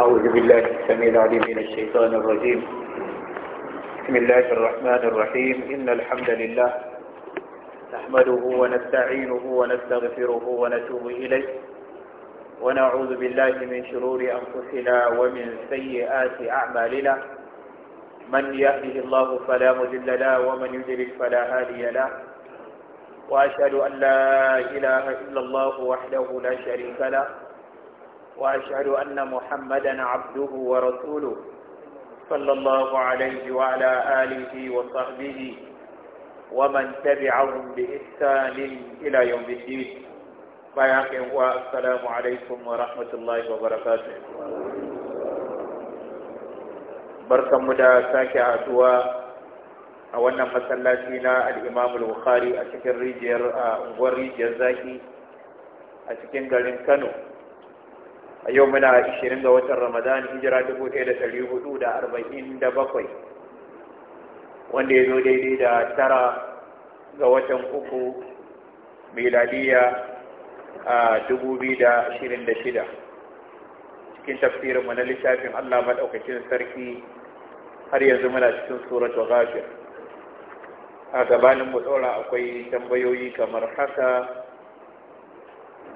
أعوذ بالله السميع العليم من الشيطان الرجيم بسم الله الرحمن الرحيم إن الحمد لله نحمده ونستعينه ونستغفره ونتوب إليه ونعوذ بالله من شرور أنفسنا ومن سيئات أعمالنا من يهده الله فلا مذل له ومن يضلل فلا هادي له وأشهد أن لا إله إلا الله وحده لا شريك له وأشهد أن محمدا عبده ورسوله صلى الله عليه وعلى آله وصحبه ومن تبعهم بإحسان إلى يوم الدين bayakin wa assalamu alaikum wa rahmatullahi wa barakatuh barkanmu da sake haduwa a wannan masallaci na al-Imam al-Bukhari a cikin rijiyar a unguwar rijiyar zaki a cikin garin Kano a yau muna 20 ga watan ramadan hijira 1447 wanda ya zo daidai da tara ga watan uku miladiya a da shida. cikin tafsirinmu na littafin allah maɗaukacin sarki har yanzu muna cikin suratul gafir a gabanin mu akwai tambayoyi kamar haka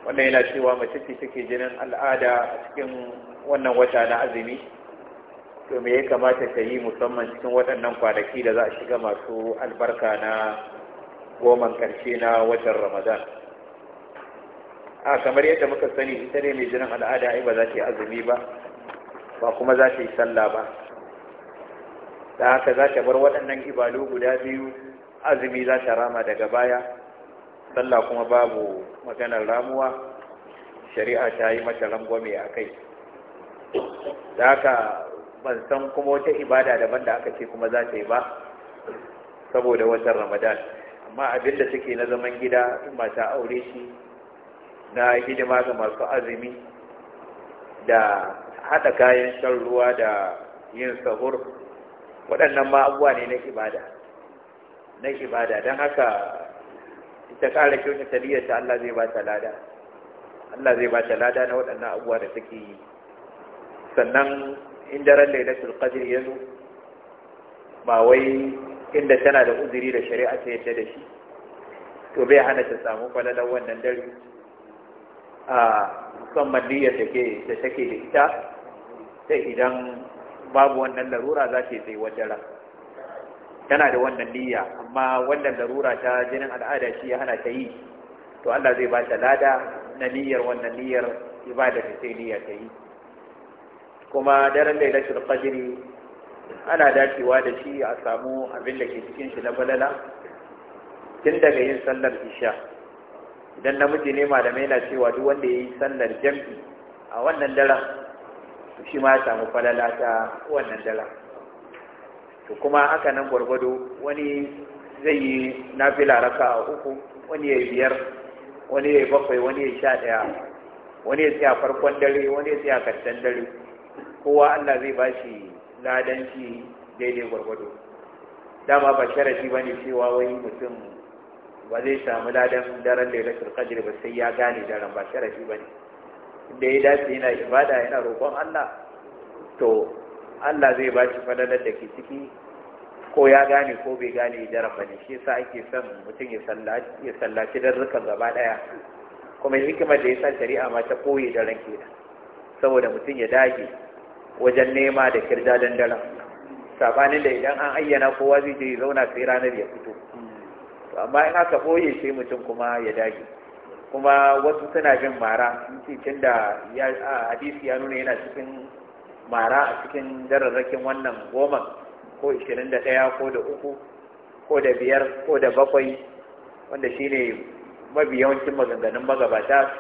wannan yana cewa mace ce take jinin al'ada a cikin wannan wata na azumi to me ya kamata ta yi musamman cikin waɗannan kwanaki da za a shiga masu albarka na goman ƙarshe na watan ramadan a kamar yadda muka sani ita ne mai jinin al'ada ai ba za ta yi azumi ba ba kuma za ta yi sallah ba da haka za ta bar waɗannan ibalu guda biyu azumi za ta rama daga baya sallah kuma babu maganar ramuwa shari'a ta yi mata rangwame a kai da haka ban san kuma wata ibada daban da aka ce kuma za ta yi ba saboda watan ramadan amma abin da take na zaman gida mata aure shi na hidima ga masu azumi da haɗa kayan shan ruwa da yin sahur waɗannan ma ne na ibada na ibada don haka ita ƙara kyautata taliyarta, Allah zai ba ta lada Allah zai ba ta lada na waɗannan abubuwa da suke yi sannan in daren da qadr ya zo ba wai inda tana da uzuri da shari'a ta yadda da shi to bai hana ta samu kwalalar wannan dare a musamman niyyar da take da ita sai idan babu wannan larura za ta yi tsayuwar tana da wannan niyya amma wannan larura ta jinin al'ada shi ya hana ta yi to Allah zai ba ta lada na niyyar wannan niyyar ibada da sai niyya ta yi kuma daren da ilashir qadri ana dacewa da shi a samu abin da ke cikin shi na balala tun daga yin sallar isha idan namiji ne malamai na cewa duk wanda ya yi sallar jam'i a wannan daren shi ma ya samu falala ta wannan daren to kuma haka nan gwargwado wani zai yi nafila raka a uku wani ya biyar wani ya bakwai wani ya sha ɗaya wani ya tsaya farkon dare wani ya tsaya karshen dare kowa Allah zai ba shi ladanci daidai gwargwado dama ba sharadi ba ne cewa wani mutum ba zai samu ladan daren lailatul qadr ba sai ya gane daren ba sharadi ba ne da ya dace yana ibada yana roƙon Allah to Allah zai ba shi fadalar da ke ciki ko ya gane ko bai gane ya jarafa ne shi yasa ake son mutum ya sallaci darrukan gaba daya kuma hikimar da ya sa shari'a ma ta koye daren kenan saboda mutum ya dage wajen nema da kirja dandaren sabanin da idan an ayyana kowa zai je ya zauna sai ranar ya fito to amma in aka boye sai mutum kuma ya dage kuma wasu suna jin mara sun ce tunda hadisi ya nuna yana cikin mara a cikin dararrakin wannan goma ko 21 ko da uku ko da biyar ko da bakwai wanda shi mafi yawancin maganganun magabata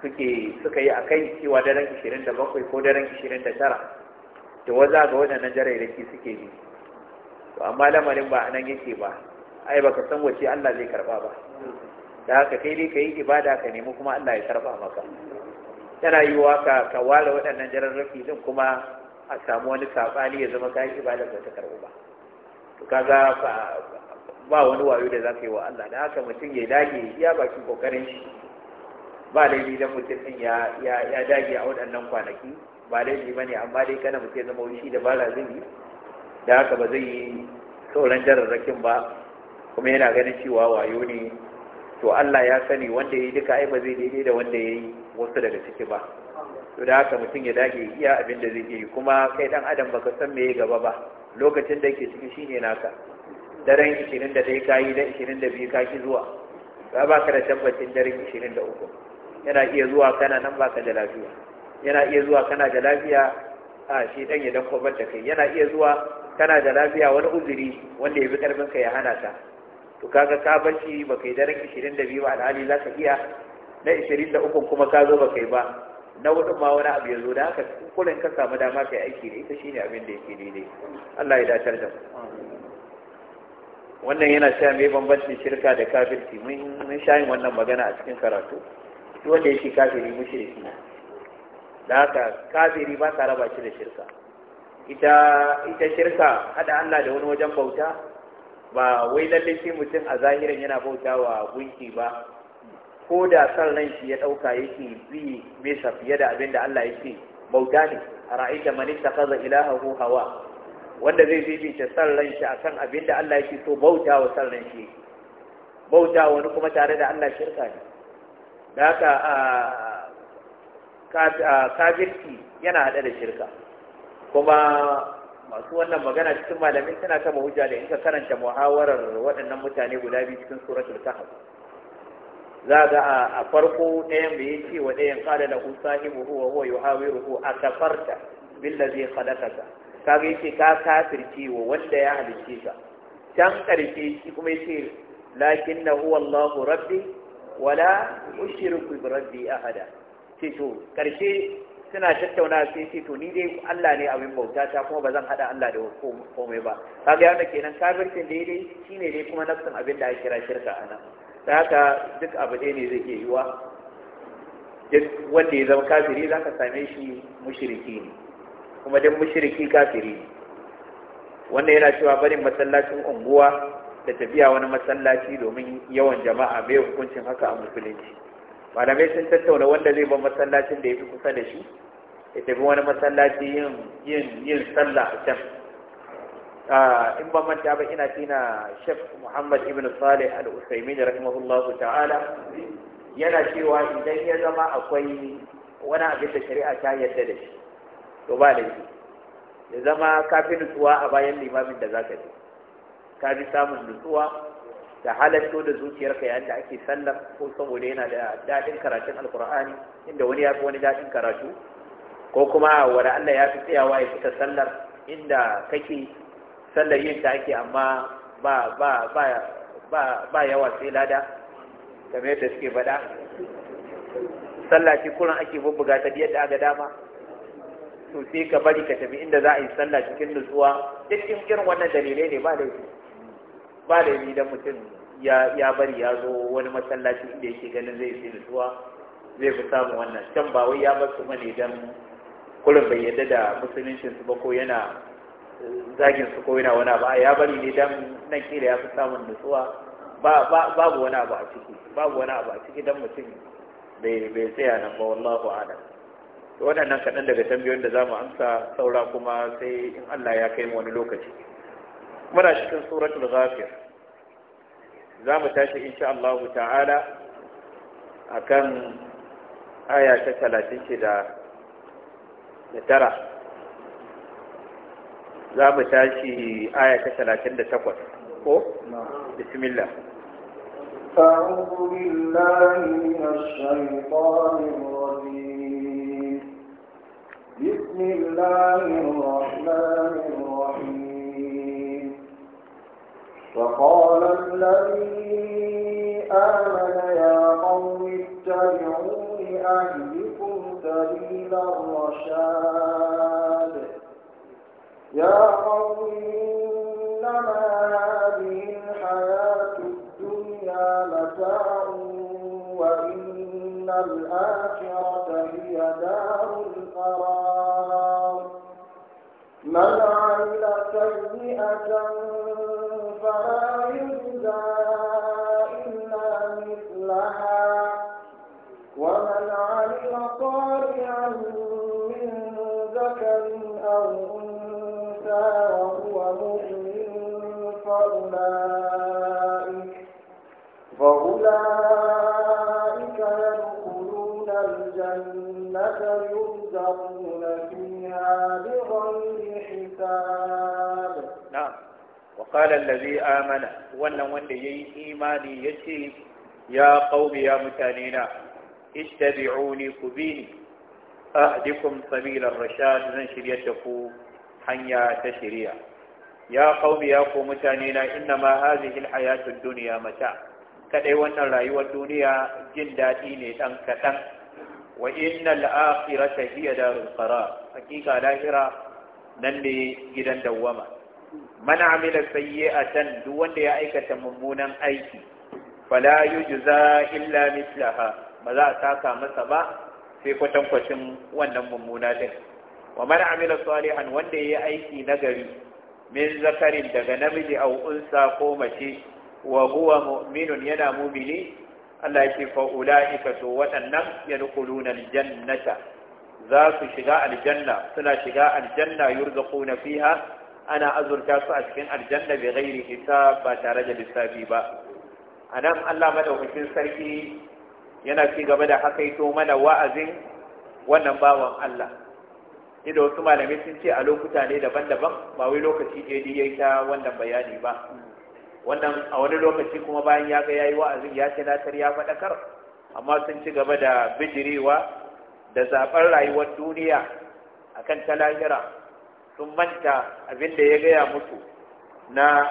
suka yi a kai cewa daren 27 ko daren 29 da waza ga waɗannan jararraki suke bi to amma lamarin ba nan yake ba ai baka san wace Allah zai karba ba da haka kai dai ka yi ibada ka nemi kuma Allah ya karba maka ta rayuwa ka ka ware waɗannan jararrafi din kuma a samu wani saɓani ya zama kayan ibadar da ta karɓu ba to kaga ba wani wayo da za ka yi wa Allah da haka mutum ya dage ya baki kokarin shi ba laifi dan mutum din ya dage a waɗannan kwanaki ba laifi bane amma dai kana mutum ya zama wushi da bara zai da haka ba zai yi sauran jararrakin ba kuma yana ganin cewa wayo ne to Allah ya sani wanda ya yi duka ai ba zai daidai da wanda ya yi wasu daga ciki ba to da haka mutum ya dage iya abin da zai yi kuma kai dan adam baka san me gaba ba lokacin da yake ciki shine naka daren 21 kayi da 22 kaki zuwa ba baka da tabbacin daren 23 yana iya zuwa kana nan baka da lafiya yana iya zuwa kana da lafiya a shi dan ya dan kwabar da kai yana iya zuwa kana da lafiya wani uzuri wanda ya bi karfin ka ya hana ta to kaga ka bar shi baka yi daren 22 ba alhali zaka iya na 23 kuma ka zo ba kai ba na hudu ma wani abu ya zo da haka kullun ka samu dama kai aiki da ita shine abin da yake daidai Allah ya dace da wannan yana sa me bambancin shirka da kafirci mun mun shayin wannan magana a cikin karatu shi wanda yake kafiri mushriki da haka kafiri ba sa raba shi da shirka ita ita shirka hada Allah da wani wajen bauta ba wai lalle sai mutum a zahirin yana bautawa gunki ba ko da san ran shi ya dauka yake bi bisa fiye da abinda Allah yake bauta ne ara'aita man ittakhadha ilahahu hawa wanda zai bibita san ran shi akan abinda Allah yake so bauta wa san ran shi bauta wani kuma tare da Allah shirka ne da haka kafirci yana hada da shirka kuma masu wannan magana cikin malamin tana kama hujja da in ka karanta muhawarar waɗannan mutane guda biyu cikin suratul kahf za ga a farko ɗayan bai yi ce wa ɗayan kada da sahibu huwa huwa yuhawiruhu a kafarta billazi khalaqaka kaga yace ka kafirce cewa wanda ya halicce ka can karshe shi kuma yace lakinna huwa Allahu rabbi wala ushriku ku rabbi ahada ce to karshe suna tattauna sai ce to ni dai Allah ne abin bauta ta kuma ba zan hada Allah da komai ba ga yana kenan kafircin daidai shine dai kuma nafsin abin da ake kira shirka nan. da haka duk abu ɗaya ne zai iya yiwa duk wanda ya zama kafiri za ka same shi mushiriki ne kuma duk mushiriki kafiri ne wannan yana cewa barin masallacin unguwa da tafiya wani masallaci domin yawan jama'a bai hukuncin haka a musulunci malamai sun tattauna wanda zai bar masallacin da ya fi kusa da shi ya tafi wani masallaci yin yin sallah a can in ban manta ba ina tina shek Muhammad Ibn Salih Al-Utsaimin rahimahullahu ta'ala yana cewa idan ya zama akwai wani abin da shari'a ta yarda da shi to ba laifi ya zama ka fi nutsuwa a bayan limamin da zaka je ka ji samun nutsuwa da halatto da zuciyarka yayin da ake sallar ko saboda yana da daɗin karatun alkur'ani inda wani ya fi wani daɗin karatu ko kuma wani Allah ya fi tsayawa ya fita sallar inda kake sallar yin ta ake amma ba ba ba ba ba yawa sai lada kamar yadda suke faɗa sallah ce kuran ake bubbuga ta yadda aga dama to sai ka bari ka tafi inda za a yi sallah cikin nutsuwa duk irin wannan dalilai ne ba yi ba yi idan mutum ya ya bari ya zo wani masallaci inda yake ganin zai fi nutsuwa zai fi samun wannan can ba wai ya bar su mane dan kurin bai yadda da musuluncinsu ba ko yana zagin su ko yana wani abu ya bari ne dan nan kila ya fi samun nutsuwa babu wani abu a ciki babu wani abu a ciki dan mutum bai tsaya nan ba wallahu a'lam to waɗannan kaɗan daga tambayoyin da zamu amsa saura kuma sai in Allah ya kai mu wani lokaci muna cikin suratul ghafir zamu tashi insha Allah ta'ala akan aya ta 30 da da tara za mu tashi aya ta talatin da takwas ko? bismillah أعوذ بالله من الشيطان الرجيم بسم الله الرحمن الرحيم وقال الذي آمن يا قوم اتبعوني أهلكم سبيل الرشاد يا qala allazi amana wannan wanda yayi imani yace ya qaumi ya mutanena ittabi'uni kubini ahdikum sabila rashad zan shiryar da ku hanya ta shiriya ya qaumi ya ku mutanena inna ma hadhihi alhayatu ad-dunya mata' kadai wannan rayuwar duniya jin daɗi ne ɗan kaɗan wa innal akhirata hiya darul qarar hakika lahira nan ne gidan dawwama man amila sayyi'atan duk wanda ya aikata mummunan aiki fala yujza illa mislaha ba za a saka masa ba sai kwatankwacin wannan mummuna din wa man amila salihan wanda ya aiki nagari min zakarin daga namiji aw unsa ko mace wa huwa mu'minun yana mu'mini Allah yake fa ulaika to waɗannan yadkhuluna aljannata za su shiga aljanna suna shiga aljanna yurzaquna fiha ana azurta su a cikin aljanna bai ghairi hisab ba tare da lissafi ba anan Allah madaukakin sarki yana ci gaba da hakaito mana wa'azin wannan bawan Allah inda wasu malamai sun ce a lokuta ne daban-daban ba wai lokaci ɗaya yayi ta wannan bayani ba wannan a wani lokaci kuma bayan ya ga yayi wa'azin ya tunatar ya faɗakar amma sun ci gaba da bijirewa da zaɓar rayuwar duniya akan ta lahira sun manta abin da ya gaya musu na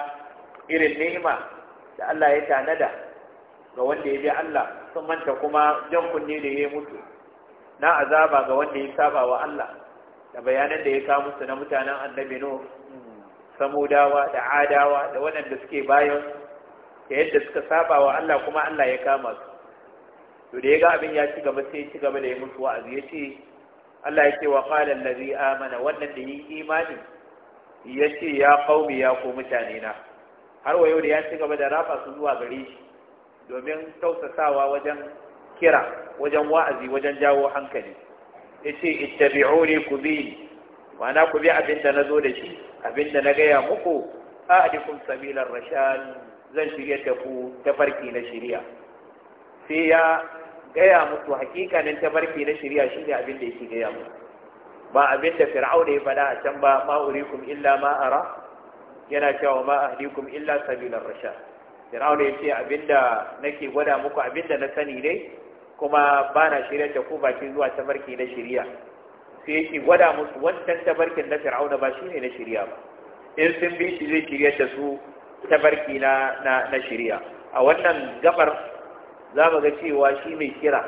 irin ni'ima da Allah ya tanada ga wanda ya bi Allah sun manta kuma jan kunne da ya mutu na azaba ga wanda ya saba wa Allah da bayanan da ya kawo musu na mutanen annabi no samudawa da adawa da waɗanda suke bayan da yadda suka saba wa Allah kuma Allah ya kama su to da ya ga abin ya ci gaba sai ci gaba da ya mutu wa'azi ya ce Allah yake wa qala allazi amana wannan da yi imani yace ya qaumi ya ko mutane na har wayo da ya ci gaba da rafa su zuwa gare shi domin tausasawa wajen kira wajen wa'azi wajen jawo hankali yace ittabi'uni ku bi na ku bi abinda nazo da shi abinda na gaya muku a a'dikum sabilar rashad zan shirye ta ku tafarki na shirya. sai ya gaya musu hakikanin tabarki na shari'a shi ne abin da yake gaya musu ba abin da fir'auna ya faɗa a can ba ma urikum illa ma yana cewa ma ahdikum illa sabilar rasha fir'auna ya ce abin da nake gwada muku abin da na sani ne kuma ba na shirya ta ko baki zuwa tabarki na shari'a sai yake gwada musu wancan tabarkin na fir'auna ba shi ne na shari'a ba in sun bi shi zai shirya ta su tabarki na na shari'a a wannan gabar za mu ga cewa shi mai kira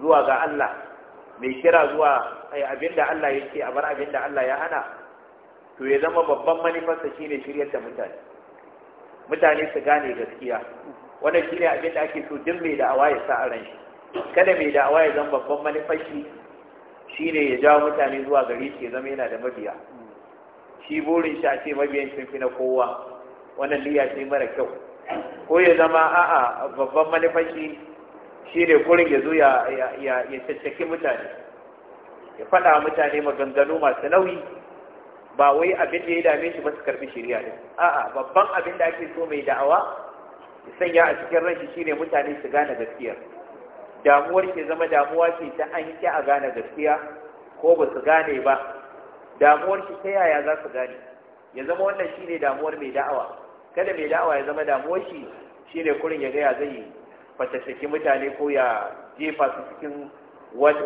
zuwa ga Allah mai kira zuwa ai abinda Allah yake a bar abinda Allah ya hana to ya zama babban shi shine shiryar da mutane mutane su gane gaskiya wannan shine abinda ake so duk mai da'awa ya sa a ran shi kada mai da'awa ya zama babban manufar shi shine ya jawo mutane zuwa gari shi ya zama yana da mabiya shi burin shi a ce mabiyan shi fi na kowa wannan liya ce mara kyau ko ya zama a'a babban manufashi shi ne kurin ya zo ya caccaki mutane ya faɗa mutane maganganu masu nauyi ba wai abin da ya dame shi ba su karɓi shirya ne a'a babban abin da ake so mai da'awa ya sanya a cikin ranshi shine mutane su gane gaskiya damuwar ke zama damuwa ce ta an ki a gane gaskiya ko ba su gane ba damuwar shi ta yaya za su gane ya zama wannan shine damuwar mai da'awa kada mai da'awa ya zama damuwa shi shine kurin ya gaya zai fatattaki mutane ko ya jefa su cikin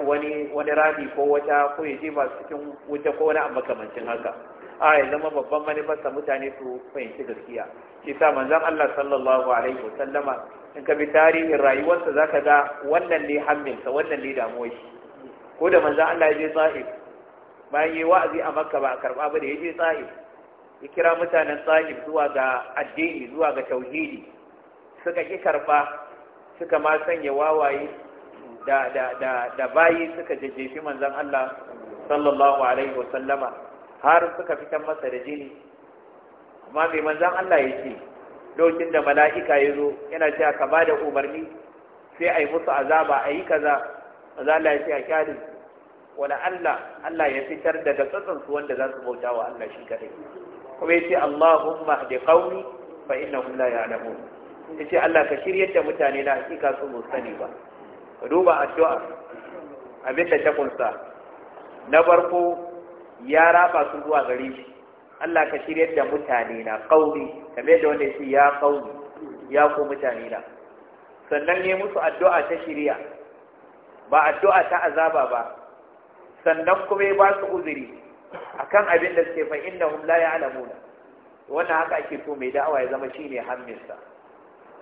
wani rami ko wata ko ya jefa su cikin wuta ko wani amma kamancin haka a ya zama babban manufarsa mutane su fahimci gaskiya shi sa manzan Allah sallallahu alaihi wasallama in ka bi tarihin rayuwarsa zaka ga wannan ne hamminsa wannan ne damuwar shi ko da manzan Allah ya je tsa'if bayan yi wa'azi a makka ba a karɓa ba da ya je tsa'if ya kira mutanen tsahib zuwa ga addini zuwa ga tauhidi suka ƙi karɓa suka ma sanya wawaye da, da, da, da bayi suka jajjefi manzan Allah sallallahu alaihi wasallama har suka fitan masa da jini amma mai manzan Allah ya ce lokacin da mala'ika ya zo yana ce ka ba da umarni sai a yi musu azaba a yi kaza za Allah ya ce a kyalin wani Allah Allah ya fitar daga tsatsansu wanda za su bauta wa Allah shi kadai kuma yace Allahumma hdi qaumi fa innahum la Ya ce Allah ka shirya da mutane na hakika su mu sani ba ka duba addu'a abin da ta kunsa na farko ya raba su zuwa gari. Allah ka shirya da mutane na qaumi kamar da wanda yace ya qaumi ya ku mutane na sannan ne musu addu'a ta shirya. ba addu'a ta azaba ba sannan kuma ya ba su uzuri akan abin da suke fa innahum la ya'lamuna wannan haka ake so mai da'awa ya zama shine hamminsa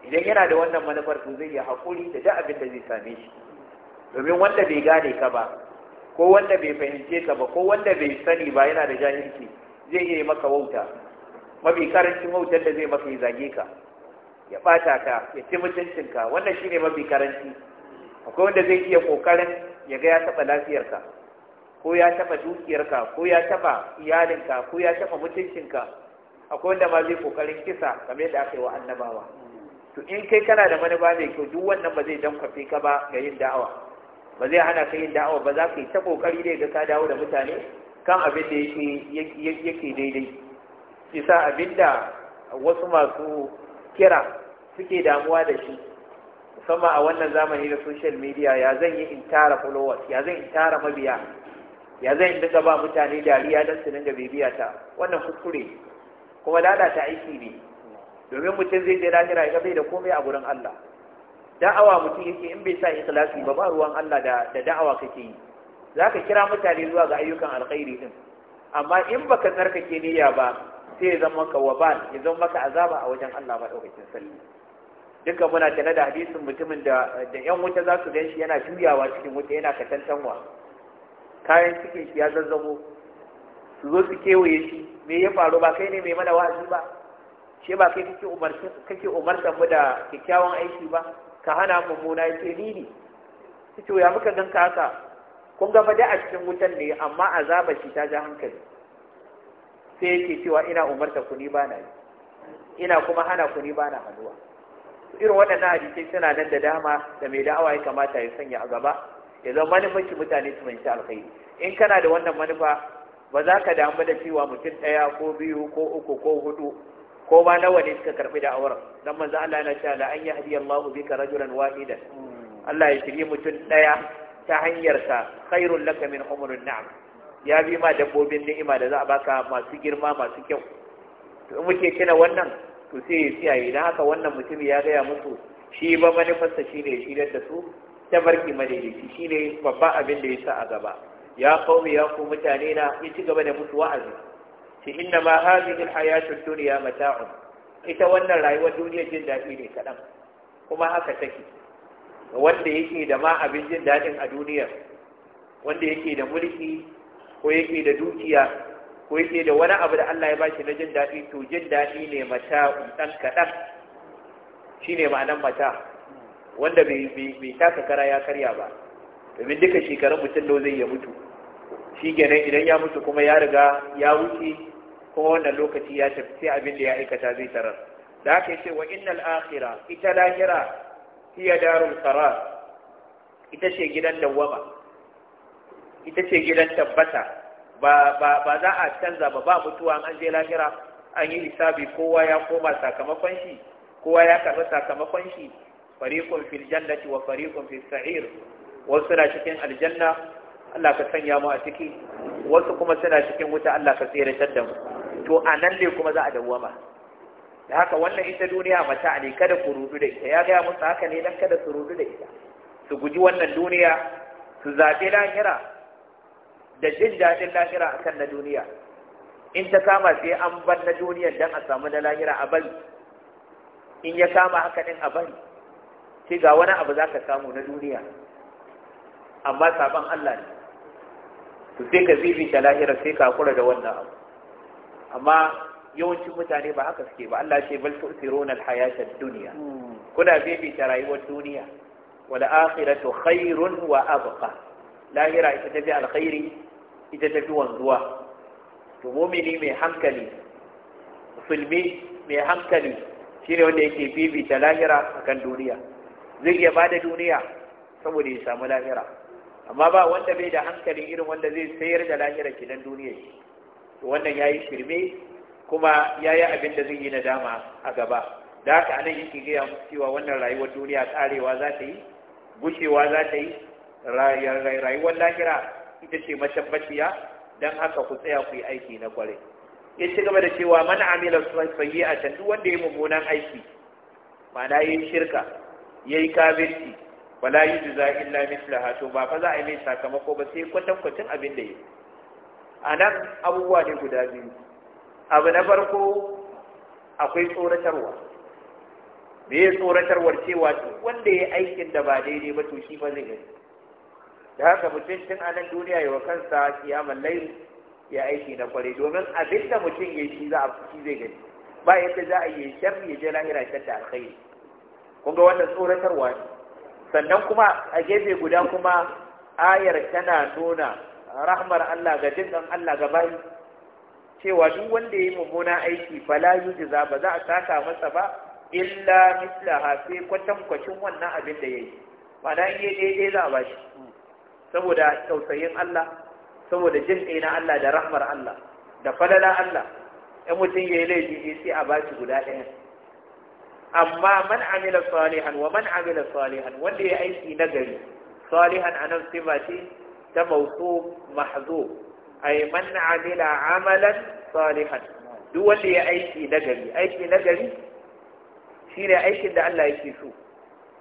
idan yana da wannan manufar to zai yi hakuri da duk abin da zai same shi domin wanda bai gane ka ba ko wanda bai fahimce ka ba ko wanda bai sani ba yana da jahilci zai iya maka wauta mafi karancin wautar da zai maka zage ka ya bata ka ya ci mutuncin ka, wannan shine mafi karanci akwai wanda zai iya kokarin ya ga ya lafiyar ka. ko ya taɓa dukiyarka ko ya taba iyalinka ko ya taba mutuncinka akwai wanda ma zai kokarin kisa kamar yadda aka yi wa annabawa to in kai kana da manufa mai kyau duk wannan ba zai dankwafe ka ba ga yin da'awa ba zai hana ka yin da'awa ba za ka yi ta kokari dai ga ka dawo da mutane kan abin da yake daidai isa abin da wasu masu kira suke damuwa da shi musamman a wannan zamani na social media ya zan yi in tara followers ya zan in tara mabiya ya zai dinga ba mutane dariya don su dinga bibiya ta wannan kuskure kuma lalata aiki ne domin mutum zai je lahira ya bai da komai a gurin Allah da'awa mutum yake in bai sa ikhlasi ba ba ruwan Allah da da'awa kake yi zaka kira mutane zuwa ga ayyukan alkhairi din amma in baka tsarkake niyya ba sai ya zama maka wabal ya zama maka azaba a wajen Allah madaukakin sarki duka muna tana da hadisin mutumin da da yan wuta za su shi yana juyawa cikin wuta yana katantanwa kayan cikin shi ya zazzabo su zo su kewaye shi me ya faru ba kai ne mai mana wa'azi ba ce ba kai kake umartan kake umartan mu da kyakkyawan aiki ba ka hana mu ya yace ni ne kace ya muka ganka haka kun ga dai a cikin wutan ne amma azaba shi ta ja hankali sai yake cewa ina umarta ku ni ba na yi ina kuma hana ku ni ba na haduwa irin waɗannan hadisai suna nan da dama da mai da'awa ya kamata ya sanya a gaba ya zama manufarki mutane su manci alkhairi in kana da wannan manufa ba za ka damu da cewa mutum ɗaya ko biyu ko uku ko hudu ko ma nawa ne suka karɓi da awar dan manzo Allah yana cewa la an yahdi Allahu bika rajulan wahidan Allah ya shirye mutum ɗaya ta hanyarsa khairul laka min umrun na'am ya bi ma dabbobin ni'ima da za a baka masu girma masu kyau to in muke kina wannan to sai ya tsiyaye idan haka wannan mutum ya gaya musu shi ba manufarsa shine ya shirar da su tabarki madaidaici shine babban abin da ya sa a gaba ya qaumi ya ku mutane na ya ci gaba da mutu wa'azi shi inna ma hadhihi alhayatu ad-dunya mata'un ita wannan rayuwar duniya jin dadi ne kadan kuma haka take wanda yake da ma abin jin dadin a duniya wanda yake da mulki ko yake da dukiya ko yake da wani abu da Allah ya ba bashi na jin daɗi, to jin dadi ne mata'un dan kadan shine ma'anar mata wanda bai taka kara ya karya ba domin duka shekarun mutum da zai ya mutu shi kenan idan ya mutu kuma ya riga ya wuce kuma wannan lokaci ya tafi sai abin da ya aikata zai tarar da aka yace wa innal akhirah ita lahira hiya darul qarar ita ce gidan dawwama ita ce gidan tabbata ba za a canza ba ba mutuwa an je lahira an yi hisabi kowa ya koma sakamakon shi kowa ya karfi sakamakon shi fariqun fil jannati wa fariqun fis sa'ir wasu suna cikin aljanna Allah ka sanya mu a ciki wasu kuma suna cikin wuta Allah ka tsiratar da mu to anan ne kuma za a dawwama da haka wannan ita duniya mata ne kada ku rudu da ita ya gaya musu haka ne dan kada su rudu da ita su guji wannan duniya su zaɓi lahira da jin daɗin lahira akan na duniya in ta kama sai an bar na duniyar dan a samu na lahira a bari in ya kama haka din a bari sai ga wani abu za ka samu na duniya amma saban Allah ne to sai ka bibita lahira sai ka kura da wannan abu amma yawancin mutane ba haka suke ba Allah ce bal tu'thiruna al-hayata ad-dunya kuna bibita rayuwar duniya wal akhiratu khairun wa abqa lahira ita ta tafi alkhairi ita tafi wanzuwa to mu'mini mai hankali musulmi mai hankali shine wanda yake bibita lahira akan duniya zai iya ba da duniya saboda ya samu lahira amma ba wanda bai da hankalin irin wanda zai sayar da lahira nan duniya wannan ya yi shirme kuma ya yi abin da zai yi na dama a gaba da haka anan yake gaya musu cewa wannan rayuwar duniya karewa za ta yi gushewa za ta yi rayuwar lahira ita ce mashabbaciya don haka ku tsaya ku yi aiki na kwarai ya ci gaba da cewa mana amila can duk wanda ya mummunan aiki ma'ana yin shirka yayi kafirci wala yujza illa mislaha to ba fa za a yi mai sakamako ba sai kwatankwacin abin da yi anan abubuwa ne guda biyu abu na farko akwai tsoratarwa me ya tsoratarwar cewa duk wanda ya aikin da ba daidai ba to shi ba zai gani da haka mutum tun anan duniya ya wa kansa kiyaman lai ya aiki na kware domin abin da mutum ya shi za a fi zai gani ba yadda za a yi sharri ya je lahira ta alkhairi kun ga wannan tsoratarwa ne sannan kuma a gefe guda kuma ayar tana nuna rahmar Allah ga jinkan Allah ga bayi cewa duk wanda ya yi mummuna aiki la yujza ba za a saka masa ba illa mislaha sai kwatankwacin wannan abin da ya yi Ba na iya daidai za a bashi saboda tausayin Allah saboda jin na Allah da rahmar Allah da falala Allah 'yan mutum ya yi laifi sai a bashi guda ɗaya amma man amila salihan wa man amila salihan wanda ya aiki nagari salihan anan sifa ce ta mawsu mahzu ay man amila amalan salihan duk wanda ya aiki nagari aiki nagari shine aikin da Allah yake so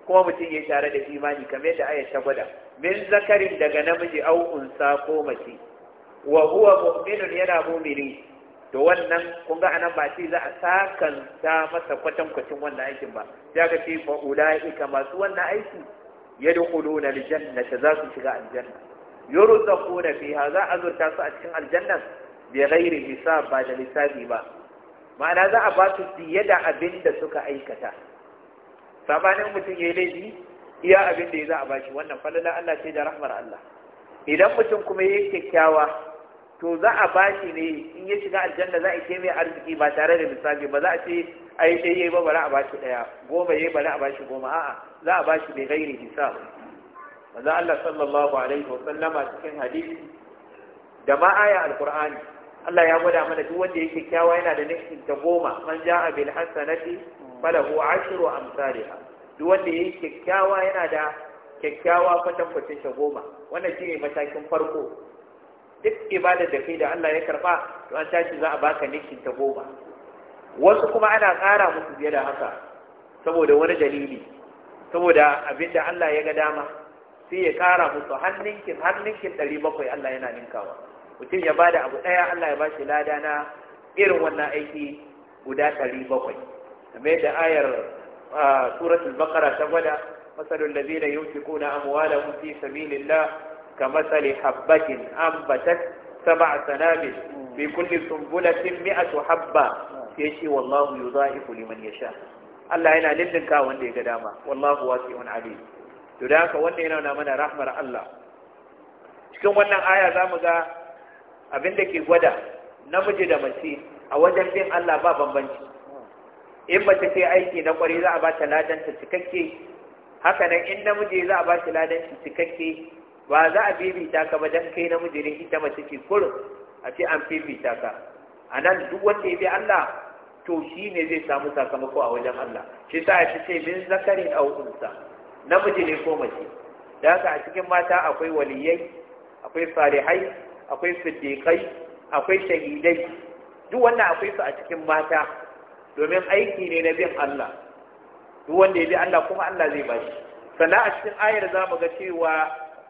kuma mutum ya tare da imani kamar da aya ta gwada min zakarin daga namiji au unsa ko mace wa huwa mu'minun yana mu'mini to wannan kun ga anan ba ce za a sakanta masa kwatankwacin wannan aikin ba ya ga ce fa ulaika masu wannan aiki yadkhuluna aljannata za su shiga aljanna yurzaquna fiha za a zurta su a cikin aljanna bi ghairi hisab ba da lissafi ba ma'ana za a ba su fiye da abin da suka aikata sabanin mutum yayi laifi iya abin da ya za a bashi wannan falala Allah ce da rahmar Allah idan mutum kuma yayi kyakkyawa to za a bashi ne in ya shiga aljanna za a ce mai arziki ba tare da misali ba za a ce ai dai yayi ba bari a bashi daya goma yayi bari a bashi goma a'a za a bashi bai gairi hisab manzo Allah sallallahu alaihi wa sallama cikin hadisi da ma aya alqur'ani Allah ya gwada mana duk wanda yake kyawa yana da nishin ta goma man ja'a bil hasanati falahu ashru amsalha duk wanda yake kyawa yana da kyakkyawa kwatan kwatan ta goma wannan shine matakin farko duk ibadar da kai da Allah ya karba to an tashi za a baka nishin ta goma wasu kuma ana ƙara musu biye da haka saboda wani dalili saboda abinda Allah ya ga dama sai ya ƙara musu hannunkin hannunkin ɗari bakwai Allah yana ninkawa mutum ya bada abu ɗaya Allah ya ba shi lada na irin wannan aiki guda ɗari bakwai kamar yadda ayar suratul bakara ta gwada masalul ladina yunfiquna amwalahum fi sabilillah كمثل حبة أنبتت سبع سنابل في كل سنبلة مئة حبة يشي والله يضاعف لمن يشاء الله هنا للنكا وندي قداما والله واسع عليم تداك وندي هنا من رحمة الله cikin wannan aya za mu ga abin ke gwada namiji da mace a wajen bin Allah ba bambanci in mace ce aiki na kwari za a ba ta ladan ta cikakke haka nan in namiji za a ba ta ladan cikakke ba za a bibita ka ba dan kai namiji ne ita mace ce kurin a ce an bibita ka a nan duk wanda ya bi Allah to shi ne zai samu sakamako a wajen Allah shi sa shi ce min zakari aw unsa namiji ne ko mace da haka a cikin mata akwai waliyai akwai salihai akwai siddiqai akwai shahidai duk wanda akwai su a cikin mata domin aiki ne na bin Allah duk wanda ya bi Allah kuma Allah zai bashi sannan a cikin ayar za mu ga cewa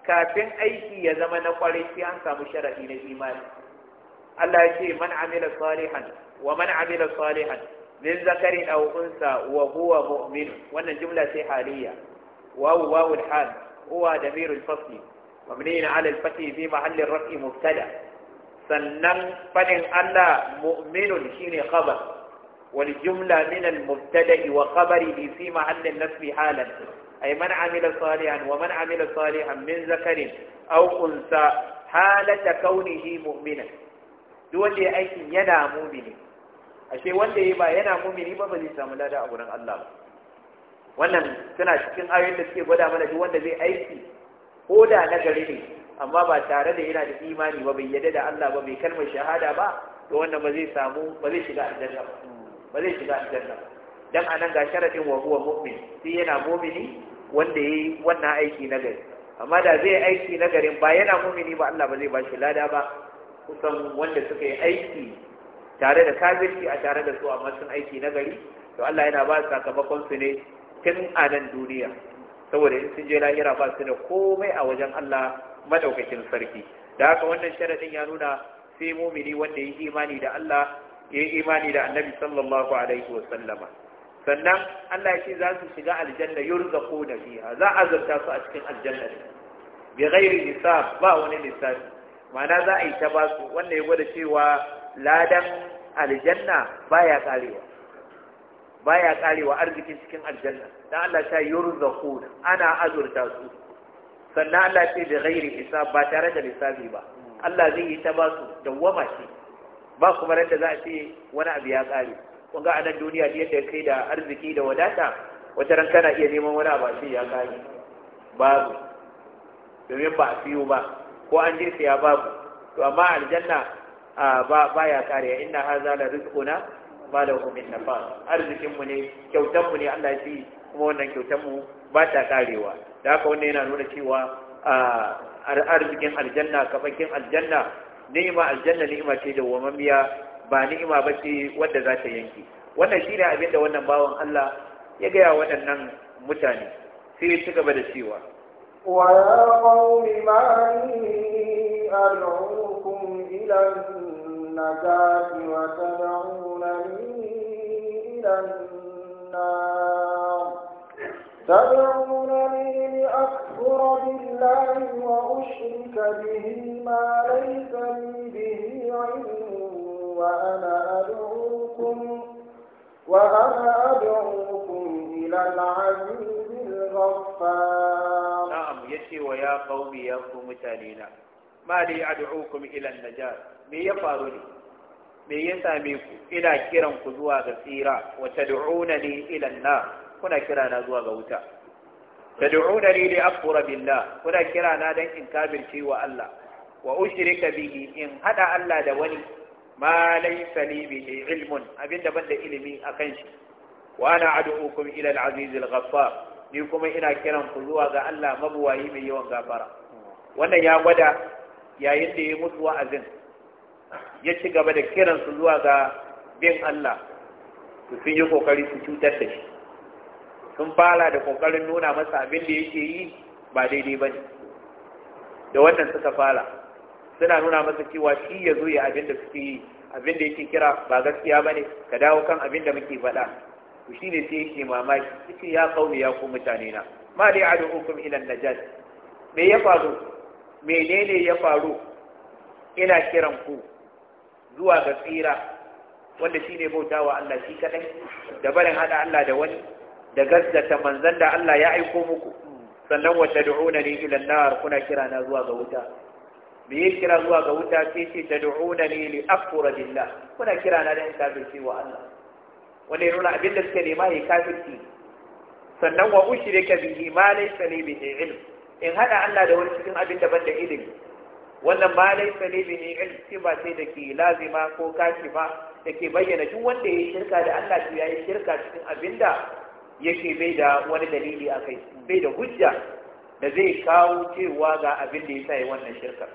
kafin aiki ya zama na kwarai sai an samu sharadi na imani Allah ya ce man amila salihan wa man amila salihan min zakarin aw unsa wa huwa mu'min wannan jumla sai haliya wawu wawu al-hal huwa damir al-fasl mabniin ala al-fath fi mahall ar-raf'i mubtada sannan fadin Allah mu'minun shine khabar wal jumla min al-mubtada wa khabarihi fi mahall an-nasb halan أي من عمل صالحا ومن عمل صالحا من ذكر أو أنثى حالة كونه مؤمنا دول aiki ينا مؤمن ashe wanda ya ba yana mumini ba ba zai samu lada a wurin Allah ba wannan tana cikin ayoyin da suke gwada mana duk wanda zai aiki ko da na gari ne amma ba tare da yana da imani ba bai yadda da Allah ba bai kalmar shahada ba to wannan ba zai samu ba zai shiga aljanna ba zai shiga aljanna ba dan anan ga sharadin wa huwa mu'min shi yana mu'mini wanda yayi wannan aiki na gari amma da zai aiki na garin ba yana mu'mini ba Allah ba zai ba shi lada ba kusan wanda suka yi aiki tare da kafirci a tare da su amma sun aiki na gari to Allah yana ba su sakamakon su ne tun a nan duniya saboda in sun je lahira ba su da komai a wajen Allah madaukakin sarki da haka wannan sharadin ya nuna sai mu'mini wanda yayi imani da Allah ya imani da Annabi sallallahu alaihi wa sannan Allah ya ce za su shiga aljanna yurzaquna fiha za a zarta su a cikin aljanna bi ghairi hisab ba wani lissafi ma'ana za a yi ta ba su wanda ya gwada cewa ladan aljanna baya karewa baya karewa arzikin cikin aljanna dan Allah ya ta yurzaquna ana azurta su sannan Allah ya ce bi ghairi hisab ba tare da lissafi ba Allah zai yi ta ba su dawwama ce ba kuma randa za a ce wani abu ya kare kun ga anan duniya ne yadda kai da arziki da wadata wata ran kana iya neman wani abu shi ya kai babu domin ba a siyo ba ko an je siya babu to amma aljanna ba ya kare inna haza la rizquna ba da min nafa. arzikin mu ne kyautan mu ne Allah ya ci kuma wannan kyautan mu ba ta karewa da haka wannan yana nuna cewa arzikin aljanna kafakin aljanna ni'ima aljanna ni'ima ce da wamamiya ba ni'ima ba ce wadda za ta yanke wannan shine abin da wannan bawan Allah ya gaya waɗannan mutane sai ya ci gaba da cewa wa ya qaumi ma ni al'ukum ila تدعونني لأكفر بالله وأشرك به ما ليس لي به علم وأنا أدعوكم وأنا أدعوكم إلى العزيز الغفار نعم يشي ويا قومي يا قوم تالينا ما لي أدعوكم إلى النجاة me ya faru ne me ya same ku ina kiran ku zuwa ga tsira wa ni ila kuna kira zuwa ga wuta tad'una ni li akfura kuna kira na dan in kafirce wa Allah wa ushrika in hada Allah da wani ma laysa li bihi ilmun abinda ban da ilimi akan shi wa ana ad'ukum ila al-aziz al-ghaffar ni kuma ina kiran ku zuwa ga Allah mabuwayi mai yawan gafara wannan ya gwada yayin da ya mutu wa'azin ya ci gaba da kiran su zuwa ga bin Allah su sun yi kokari su cutar da shi sun fara da kokarin nuna masa abin da yake yi ba daidai ba ne da wannan suka fara suna nuna masa cewa shi ya zo ya abinda suke yi abinda yake kira ba gaskiya bane ka dawo kan abinda muke faɗa to ne sai yake mamaki yace ya kauni ya ku mutane na ma li hukum ila najas me ya faru menene ya faru ina kiran ku zuwa ga tsira wanda shine bautawa Allah shi kadai da barin hada Allah da wani da gaskata manzon da Allah ya aiko muku sannan wata da'una ne ila nar kuna kira na zuwa ga wuta bi ya kira zuwa ga wuta sai ce tad'una ni li akfura billah kuna kira na dan kafirci wa Allah wanda ya nuna abin da suke nema ya kafirci sannan wa ka bihi ma laysa li bi ilm in hada Allah da wani cikin abin da ban da ilimi wannan ma laysa li bi ilm shi ba sai da ke lazima ko kashifa da ke bayyana duk wanda ya shirka da Allah to yi shirka cikin abin da yake bai da wani dalili akai bai da hujja da zai kawo cewa ga abin da ya sa yi wannan shirkar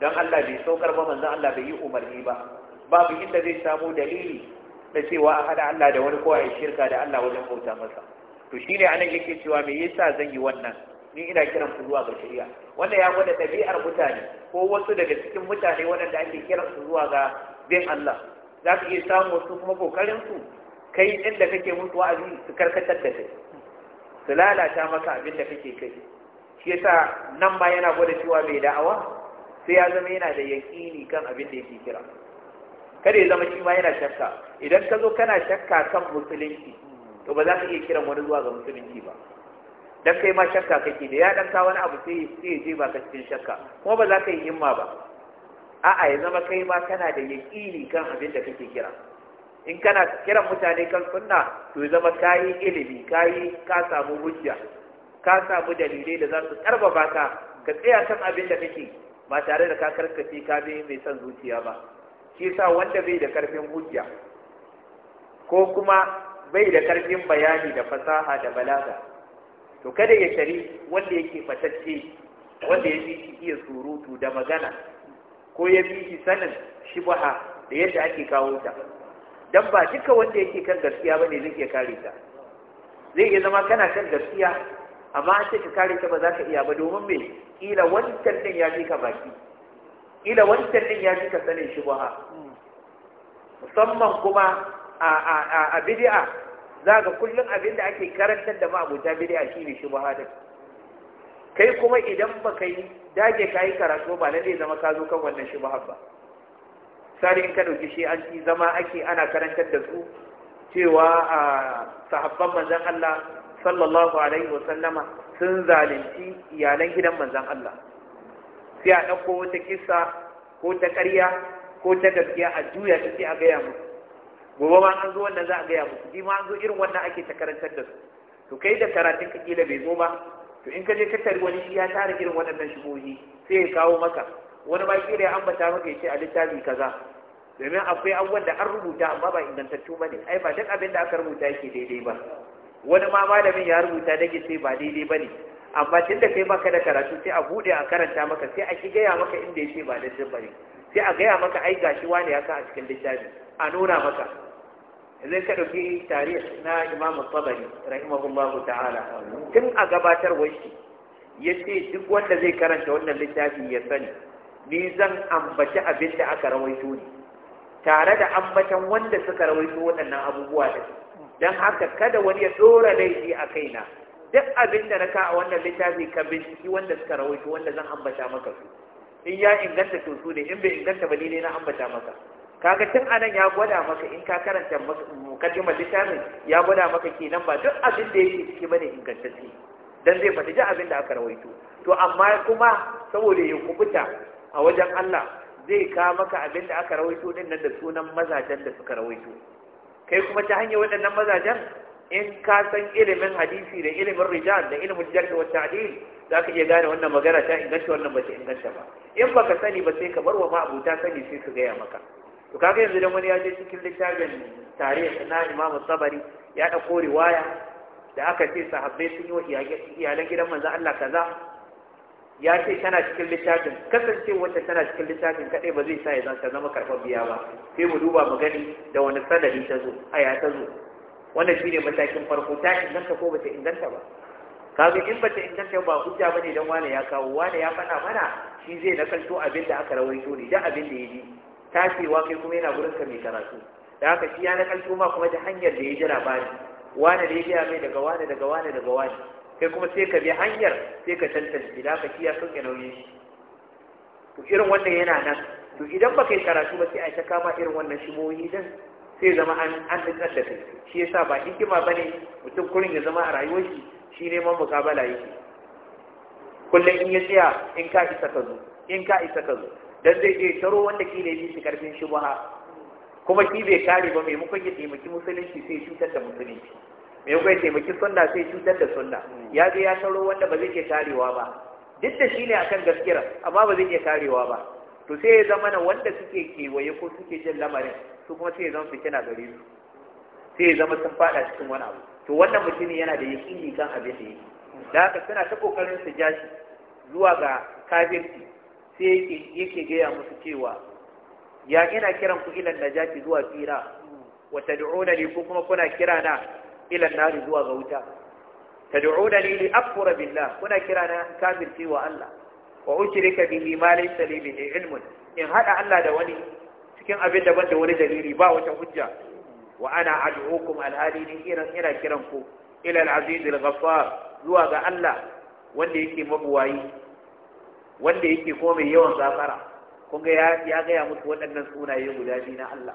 dan Allah bai saukar ba manzon Allah bai yi umarni ba babu inda zai samu dalili da cewa a hada Allah da wani ko shirka da Allah wajen bauta masa to shine anan yake cewa me yasa zan yi wannan ni ina kiran su zuwa ga shari'a wanda ya gwada ɗabi'ar mutane ko wasu daga cikin mutane waɗanda ake kiran su zuwa ga bin Allah za ka iya samu wasu kuma kokarin su kai inda kake mutu wa'azi su karkatar da kai su lalata maka abin da kake kai shi yasa nan ma yana gwada cewa mai da'awa sai ya zama yana da yaƙini kan abin da yake kira kada ya zama shi ma yana shakka idan ka zo kana shakka kan musulunci to ba za ka iya kiran wani zuwa ga musulunci ba dan kai ma shakka kake da ya dan ka wani abu sai sai je ba ka cikin shakka kuma ba za ka yi himma ba a'a ya zama kai ma kana da yaƙini kan abin da kake kira in kana kiran mutane kan sunna to ya zama kayi ilimi kayi ka samu hujja ka samu dalilai da za su karfafa ka ka tsaya kan abin da kake ba tare da ka karkace ka bi mai son zuciya ba shi sa wanda bai da karfin hujja ko kuma bai da karfin bayani da fasaha da balaga to kada ya shari wanda yake fatacce wanda ya fi shi iya surutu da magana ko ya fi shi sanin shubha da yadda ake kawo ta dan ba duka wanda yake kan gaskiya bane zai iya kare ta zai iya zama kana kan gaskiya amma an ce ka kare ta ba za ka iya ba domin mai ƙila wancan din ya fi ka baki ƙila wancan din ya fi ka sanin ba musamman kuma a bidi'a za ga kullum abin da ake karantar da ma'abuta ne shine ba din kai kuma idan ba ka yi dage ka yi karatu ba lalle zama ka zo kan wannan shi ba sari in ka dauki shi an ci zama ake ana karantar da su cewa a sahabban manzon Allah sallallahu alaihi wasallama sun zalunci iyalan gidan manzan Allah sai a ɗauko wata kisa ko ta ƙarya ko ta gaskiya a juya ta sai a gaya musu gobe ma an zo wannan za a gaya musu ji ma an zo irin wannan ake ta karantar da su to kai da karatun ka kila bai zo ba to in ka je ka tari wani iya ya tara irin waɗannan shigohi sai ya kawo maka wani ba kira ya ambata maka ya ce a littafi kaza domin akwai abubuwan da an rubuta amma ba ingantattu ba ne ai ba duk abin da aka rubuta yake daidai ba wani ma malamin ya rubuta da sai ba daidai bane amma tunda kai maka da karatu sai a bude a karanta maka sai a gaya maka inda yake ba daidai bane sai a gaya maka ai gashi wani ya ka a cikin littafi a nuna maka zai ka dauki tarihi na Imam Tabari rahimahullahu ta'ala tun a gabatar shi yace duk wanda zai karanta wannan littafin ya sani ni zan ambaci abin da aka rawaito ne tare da ambatan wanda suka rawaito waɗannan abubuwa da su don haka kada wani ya dora laifi a kaina duk abin da na ka a wannan littafi ka binciki wanda suka rawaito wanda zan ambata maka su in ya inganta to su ne in bai inganta ba ne na ambata maka kaga tun anan ya gwada maka in ka karanta ma littafin ya gwada maka kenan ba duk abin da yake ciki bane ingantacce dan zai fata ji abin da aka rawaito to amma kuma saboda ya kubuta a wajen Allah zai ka maka abin da aka rawaito din nan da sunan mazajen da suka rawaito kai kuma ta hanyar waɗannan mazajen in ka san ilimin hadisi da ilimin rijal da ilimin jarhi wata ta'dil za ka iya gane wannan magana ta inganta wannan ba ta inganta ba in baka sani ba sai ka bar wa ma'abuta sani sai su gaya maka to kaga yanzu dan wani ya je cikin littafin tarihi na Imam Sabari ya dauko riwaya da aka ce sahabbai sun yi wa iyalan gidan manzo Allah kaza ya ce tana cikin littafin wacce tana cikin littafin kaɗai ba zai sa ya zanta zama karɓar biya ba sai mu duba mu gani da wani sanadi ta zo ya ta zo wannan shine matakin farko ta inganta ko bata inganta ba kaga in bata inganta ba hujja ba ne don wane ya kawo wane ya faɗa mana shi zai nakalto abin da aka rawaito ne da abin da yaji tashiwa kai kuma yana gurin ka mai karatu da haka shi ya nakalto ma kuma da hanyar da ya ji labari wane da ya gaya mai daga wane daga wane daga wane kai kuma sai ka bi hanyar sai ka tantance da ka kiya sun ka nauyin shi to irin wannan yana nan to idan baka yi karatu ba sai a ta kama irin wannan shimoyi din sai zama an an da tsada kai shi yasa ba hikima bane mutum kurin ya zama a rayuwar shi shi neman mukabala yake kullum in ya tsaya in ka isa ka zo in ka isa ka zo dan zai je taro wanda ki ne shi karfin shubha kuma shi bai kare ba maimakon ya taimaki musulunci sai cutar da musulunci Mai kai taimaki sunna sai cutar da sunna ya ga ya sauro wanda ba zai iya tarewa ba duk da shi ne akan gaskira amma ba zai iya tarewa ba to sai ya zama na wanda suke kewaye ko suke jin lamarin su kuma sai ya zama fitina gare su sai ya zama sun fada cikin wani abu to wannan mutumin yana da yaƙini kan abin da yake da haka suna ta kokarin su ja shi zuwa ga kafirci sai yake gaya musu cewa ya ina kiran ku ilan najati zuwa tsira wa tad'una li kuma kuna kira na ila nari zuwa ga wuta tad'unani li akfura billah kuna kirana kafirci wa Allah wa ushrika bihi ma laysa li bihi ilmun in hada Allah da wani cikin abin da ban da wani dalili ba wata hujja wa ana ad'ukum alhali ni irin ina kiran ku ila al-aziz al-ghaffar zuwa ga Allah wanda yake mabuwayi wanda yake komai mai yawan zafara kun ga ya gaya musu waɗannan sunaye guda biyu na Allah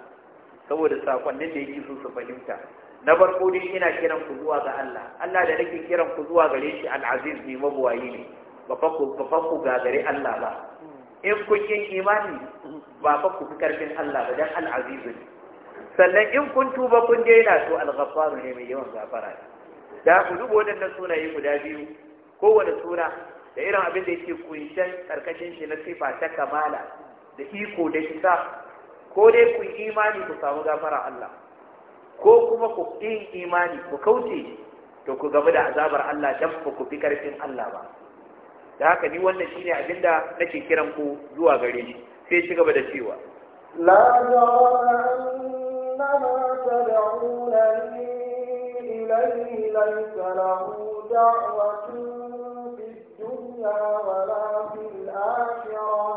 saboda sakonnin da yake so su fahimta na farko dai ina kiran ku zuwa ga Allah Allah da nake kiran ku zuwa gare shi al-aziz ne mabuwayi ne ba fa ku ba fa ku gare Allah ba in kun yi imani ba fa ku fi karfin Allah ba dan al-aziz ne sannan in kun tuba kun daina so al-ghaffar ne mai yawan gafara da ku dubo wadannan sunaye guda biyu kowane suna da irin abin da yake kunshen karkashin shi na sifa ta kamala da iko da kisa ko dai ku imani ku samu gafara Allah ko kuma ku ƙi imani ku kauce to ku gaba da azabar Allah dan ba ku fi karfin Allah ba da haka ni wannan shine da nake kiran ku zuwa gare sai shi gaba da cewa la annama tad'una ilayhi laysa lahu da'watun fid dunya wala fil akhirah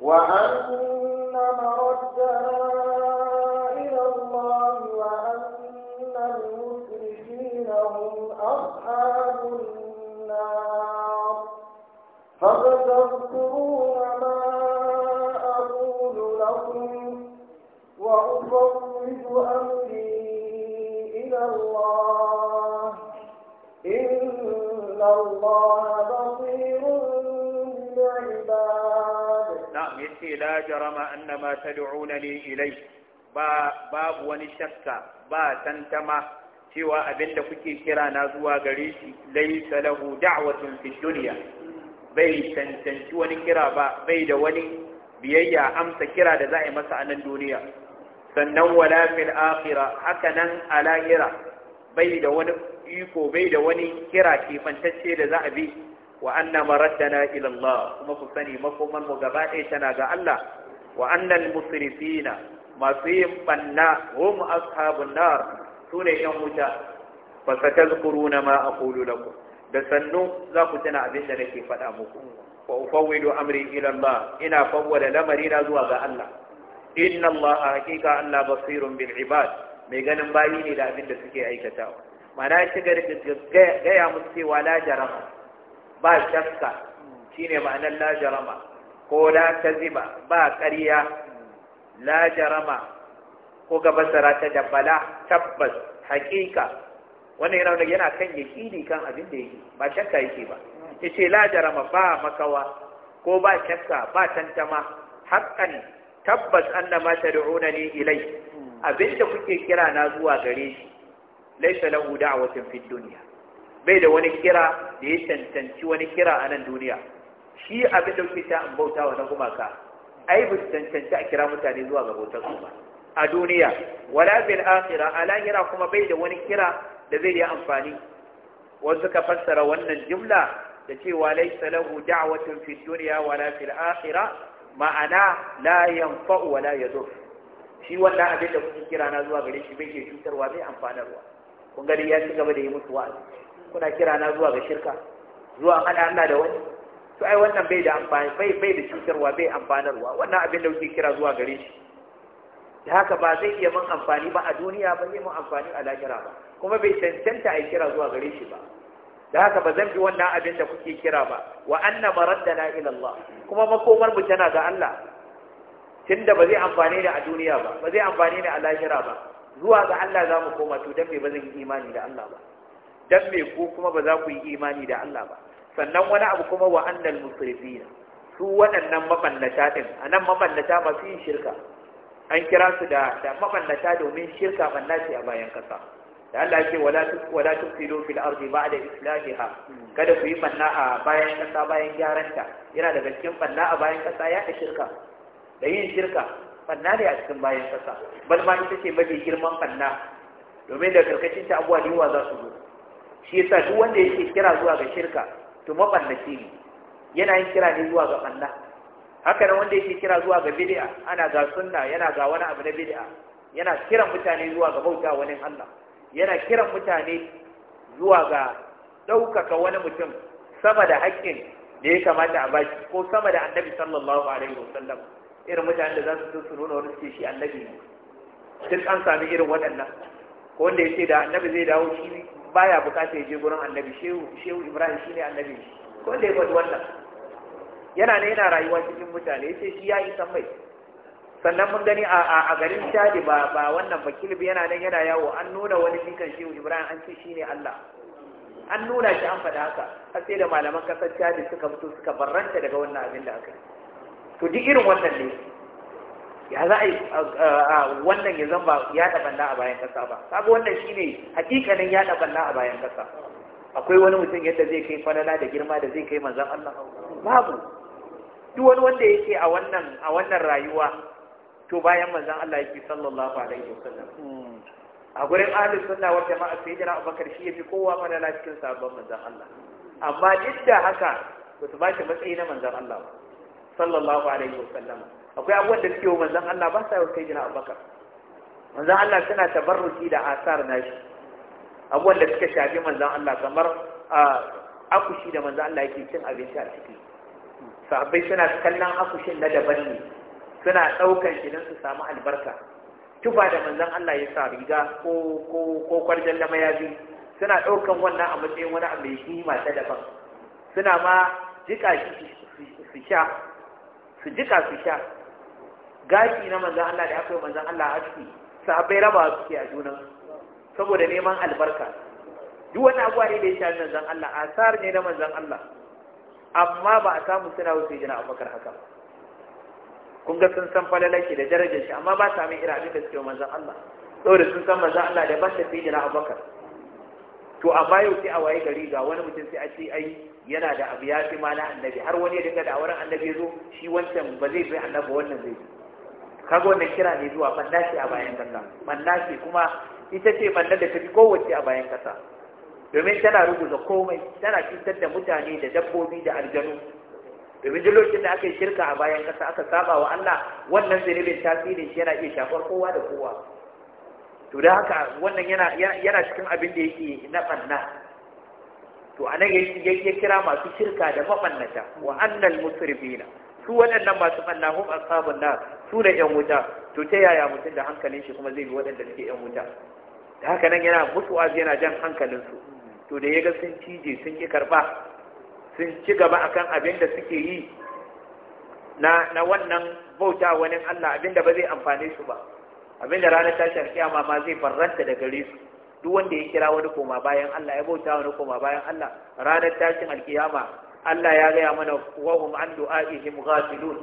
wa anna maradda أصحاب النار فستذكرون ما أقول لكم وأفوض أمري إلى الله إن الله بصير بالعباد نعم يتي لا جرم أن ما تدعونني إليه باب babu wani shakka ba cewa abinda kuke kira na zuwa gare shi laisa lahu da'watun fi dunya bai tantanci wani kira ba bai da wani biyayya amsa kira da za a yi masa a nan duniya sannan wala fil akhirah haka nan a lahira bai da wani iko bai da wani kira kifantacce da za a bi wa anna maraddana ila Allah kuma ku sani makoman mu gaba ɗaya tana ga Allah wa annal musrifina masu yin banna hum ashabun nar su yan wuta fa na ma a lakum da sannu za ku tana abin da nake faɗa muku wa ufawwidu amri ila Allah ina fawwala lamari na zuwa ga Allah inna Allah hakika Allah basirun bil ibad mai ganin bayi ne da abin da suke aikatawa mana ya shiga da gaya musu cewa la jarama ba shakka shine ma'anar la jarama ko la kaziba ba ƙarya la jarama ko ka fassara ta da bala tabbas hakika. wannan yana da yana kan yakini kan abin da yake ba shakka yake ba yace la jarama ba makawa ko ba shakka ba tantama haqqan tabbas annama tad'unani ilai da kuke kira na zuwa gare shi laysa lahu da'watun fid dunya bai da wani kira da ya tantanci wani kira a nan duniya shi da kuke ta bauta wa na ka. ai bu tantanci a kira mutane zuwa ga bautar su ba a duniya wala bil akhirah a kuma bai da wani kira da zai yi amfani wasu ka fassara wannan jumla da cewa laysa lahu da'watun fi dunya wala fil akhirah ma'ana la yanfa'u wala yadur shi wannan abin da kuke kira na zuwa gare shi bai ke cutarwa bai amfanarwa kun gani ya ci gaba da yi musu wa'azi kuna kira na zuwa ga shirka zuwa hada Allah da wani to ai wannan bai da amfani bai bai da cutarwa bai amfanarwa wannan abin da kuke kira zuwa gare shi da haka ba zai iya mun amfani ba a duniya ba zai mun amfani a lahira ba kuma bai cancanta a kira zuwa gare shi ba da haka ba zan bi wannan abin da kuke kira ba wa anna maraddana ila Allah kuma makomar mu tana ga Allah tunda ba zai amfani ni a duniya ba ba zai amfani ni a lahira ba zuwa ga Allah za mu koma to dan me ba zan yi imani da Allah ba dan me ku kuma ba za ku yi imani da Allah ba sannan wani abu kuma wa annal musrifina su waɗannan maballata din anan maballata masu yin shirka an kira su da da mabannata domin shirka bannati a bayan kasa da Allah yake wala wala tufsidu fil ardi ba'da islahiha kada ku yi banna a bayan kasa bayan gyaranta yana daga cikin banna a bayan kasa ya da shirka da yin shirka banna ne a cikin bayan kasa bal ma ita ce mafi girman banna domin da karkashin ta abuwa da za su zo shi yasa duk wanda yake kira zuwa ga shirka to mabannaci ne yana yin kira ne zuwa ga banna haka nan wanda yake kira zuwa ga bid'a ana ga sunna yana ga wani abu na bid'a yana kiran mutane zuwa ga bauta wani Allah yana kiran mutane zuwa ga ɗaukaka wani mutum sama da haƙƙin da ya kamata a baki ko sama da annabi sallallahu alaihi wasallam irin mutane da za su tsuru nuna wani suke shi annabi duk an sami irin waɗannan ko wanda ya ce da annabi zai dawo shi baya bukata ya je gurin annabi shehu shehu ibrahim shine annabi ko wanda ya faɗi wannan yana ne yana rayuwa cikin mutane yace shi ya isa mai sannan mun gani a garin shadi ba ba wannan bi yana nan yana yawo an nuna wani likan shi ibrahim an ce shine allah an nuna shi an faɗa haka har sai da malaman kasar shadi suka fito suka barranta daga wannan abin da aka yi to duk irin wannan ne ya za a yi wannan ya zamba ya ɗaballa a bayan ƙasa ba kaga wannan shine hakikanin ya ɗaballa a bayan ƙasa akwai wani mutum yadda zai kai falala da girma da zai kai manzan Allah babu duk wani wanda yake a wannan a wannan rayuwa to bayan manzon Allah yake sallallahu alaihi wasallam hmm. a gurin ahli sunna wal jama'a sai jira Abubakar shi yafi kowa mana cikin sabon manzon Allah amma duk da haka ba su ba shi matsayi na manzon Allah ba sallallahu alaihi wasallam akwai abubuwan da suke wa manzon Allah ba sa yau sai jira Abubakar manzon Allah suna tabarruki da asar nashi abubuwan da suka shafi manzon Allah kamar a ah, akushi da manzon Allah yake cin abinci a ciki sahabbai suna kallon akushin na daban ne suna ɗaukan shi don su samu albarka tufa da manzon Allah ya sa riga ko ko ko kwarjan da mayafi suna ɗaukan wannan a matsayin wani abu mai kima ta daban suna ma jika shi su sha su jika su sha gashi na manzon Allah da aka yi manzon Allah aski sahabbai raba suke a junan saboda neman albarka duk wani abuwa ne da ya sha manzon Allah asar ne na manzon Allah amma ba a samu suna wasu jina bakar haka ba kun ga sun san falalaki shi da darajar shi amma ba sa mai ira abin da suke manzan Allah saboda sun san manzan Allah da ba shi fi jina bakar to a bayo sai a waye gari ga wani mutum sai a ce ai yana da abu ya fi mana annabi har wani ya dinga da auren annabi zo shi wancan ba zai bi annabi wannan zai bi kaga wannan kira ne zuwa banna a bayan kasa banna kuma ita ce banna da ta fi kowace a bayan kasa domin tana rubuta komai tana fitar da mutane da dabbobi da aljanu domin duk lokacin da aka yi shirka a bayan kasa, aka saba wa Allah wannan zunubin tasirin shi yana iya shafar kowa da kowa to da haka wannan yana cikin abin da yake na banna to anan ya kira masu shirka da mabannata wa annal musrifina su waɗannan masu banna hum ashabun nar su ne yan wuta to ta yaya mutum da hankalin shi kuma zai bi waɗanda suke yan wuta da haka nan yana mutuwa yana jan hankalinsu to da ya ga sun cije sun ki karba sun ci gaba akan abin da suke yi na na wannan bauta wani Allah abin da ba zai amfane su ba abin da ranar tashin kiyama ma zai farranta da gare su duk wanda ya kira wani koma bayan Allah ya bauta wani koma bayan Allah ranar tashin alkiyama Allah ya gaya mana wa hum an du'a'ihim ghafilun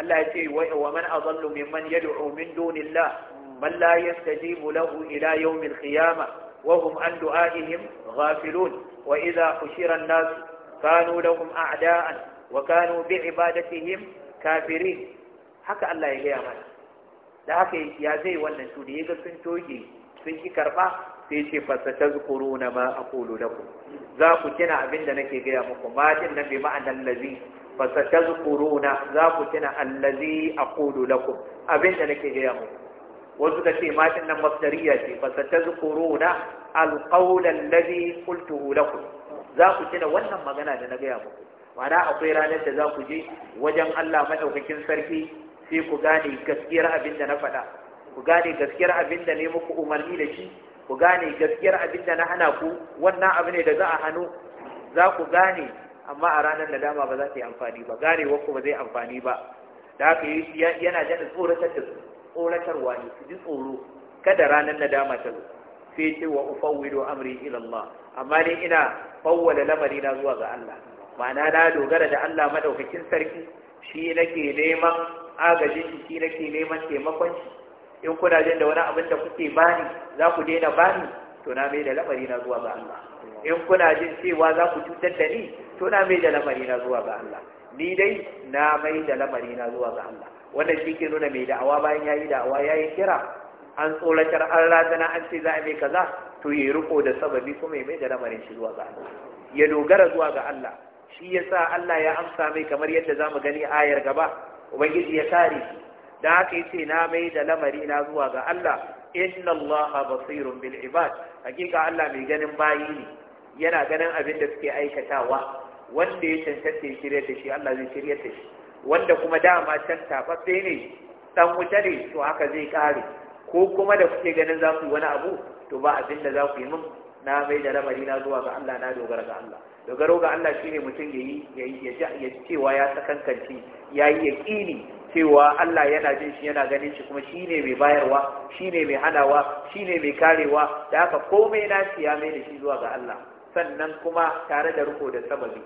Allah ya ce wa man adallu mimman yad'u min dunillah man la yastajibu lahu ila yawmil qiyamah وهم عن دعائهم غافلون وإذا حشر الناس كانوا لهم أعداء وكانوا بعبادتهم كافرين haka Allah ya gaya mana da haka ya zai wannan su da ya ga sun toge sun ki karba sai ce fasata zukuru na ma aqulu lakum za ku tuna abin da nake gaya muku ma nan bi na za ku tuna allazi aqulu lakum abin da nake gaya muku wasu da ce matan nan masdariya ce fa satazkuruna alqawla alladhi qultuhu lakum za ku tuna wannan magana da na gaya muku mana akwai ranar da za ku je wajen Allah maɗaukakin sarki sai ku gane gaskiyar abin da na faɗa ku gane gaskiyar abin da ne muku umarni da shi ku gane gaskiyar abin da na hana ku wannan abu ne da za a hannu za ku gane amma a ranar da dama ba za ta yi amfani ba gane ku ba zai amfani ba da haka yana da tsoratar da su tsoratarwa ne su ji tsoro kada ranar nadama ta zo sai ce wa ufawwidu amri ila Allah amma ne ina fawwala lamari na zuwa ga Allah ma'ana na dogara da Allah madaukakin sarki shi nake neman agajin shi nake neman taimakon shi in kuna jin da wani abin da kuke bani za ku daina bani to na mai da lamari na zuwa ga Allah in kuna jin cewa za ku cutar da ni to na mai da lamari na zuwa ga Allah ni dai na mai da lamari na zuwa ga Allah wannan shi ke nuna mai da'awa bayan ya yi da'awa ya yi kira an tsoratar an razana an ce za a mai kaza to ya riko da sababi kuma ya mai da lamarin shi zuwa ga Allah ya dogara zuwa ga Allah shi ya sa Allah ya amsa mai kamar yadda za mu gani ayar gaba ubangiji ya kare shi da haka yace na mai da lamari na zuwa ga Allah inna Allah basirun bil ibad hakika Allah mai ganin bayi ne yana ganin abin da suke aikatawa wanda ya tantance shirye da shi Allah zai shirye da shi wanda kuma dama can tafafe ne dan wuta ne to haka zai ƙare. ko kuma da kuke ganin za ku yi wani abu to ba abin da za ku yi min na mai da lamari na zuwa ga Allah na dogara ga Allah dogaro ga Allah shine mutum yayi yayi ya cewa ya sakankanci yayi yaqini cewa Allah yana jin shi yana ganin shi kuma shine mai bayarwa shine mai hanawa shine mai karewa da haka komai na siya mai da shi zuwa ga Allah sannan kuma tare da riko da sababi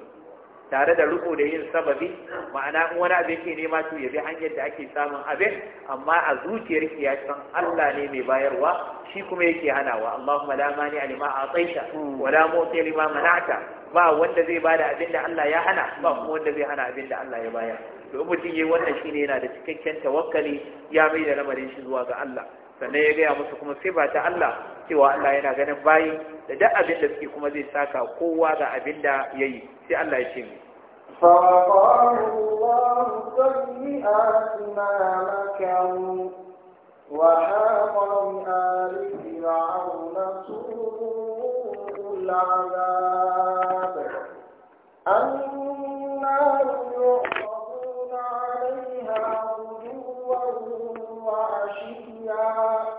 tare da riko da yin sababi ma'ana in wani abin ke nema to ya bi hanyar da ake samun abin amma a zuciyar ki ya san Allah ne mai bayarwa shi kuma yake hanawa Allahumma la mani alima ataita wa la mu'ti lima mana'ta ba wanda zai bada abin da Allah ya hana ba kuma wanda zai hana abin da Allah ya bayar to mutum yayi wannan shine yana da cikakken tawakkali ya mai da lamarin shi zuwa ga Allah sannan ya gaya musu kuma sai ba ta Allah cewa Allah yana ganin bayi da duk abin da suke kuma zai saka kowa ga abin da ya yi sai Allah ya ce mu فَقَالَ النار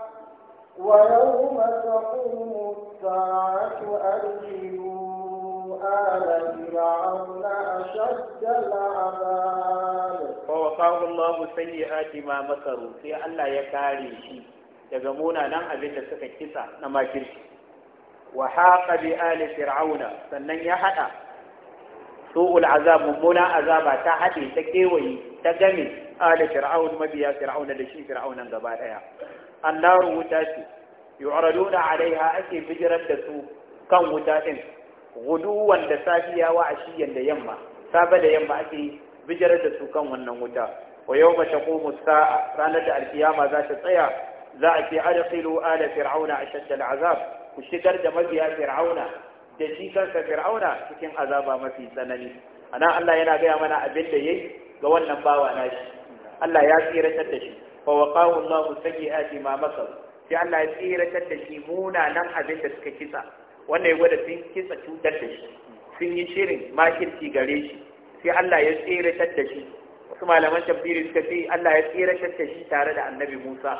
ويوم تقوم الساعة أدخلوا آل فرعون أشد العذاب فوقاه الله سيئات ما مكروا في ألا يكاري شيء daga munanan abin da suka kisa na makirci wa haqa bi fir'auna sannan ya hada su'ul azab mummuna azaba ta ta kewaye ta game Ala fir'aun mabiya fir'aun da shi fir'aunan gaba daya annaru wuta ce yu'raduna alaiha ake bijirar da su kan wuta din guduwan da safiya wa ashiyan da yamma Saba da yamma ake bijirar da su kan wannan wuta wa yawma taqumu sa'a ranar da alkiyama za ta tsaya za a ce adkhilu ala fir'auna ashadda al'azab ku shigar da mabiya fir'auna da shi kansa fir'auna cikin azaba mafi tsanani ana Allah yana gaya mana abin da yayi ga wannan bawa nashi Allah ya tsiratar da shi fa waqahu Allah sayyi'ati ma masar sai Allah ya tsiratar da shi munanan abin da suka kisa wanda ya gwada sun kisa cutar da shi sun yi shirin makirci gare shi sai Allah ya tsiratar da shi wasu malaman tafsiri suka ce Allah ya tsiratar da shi tare da Annabi Musa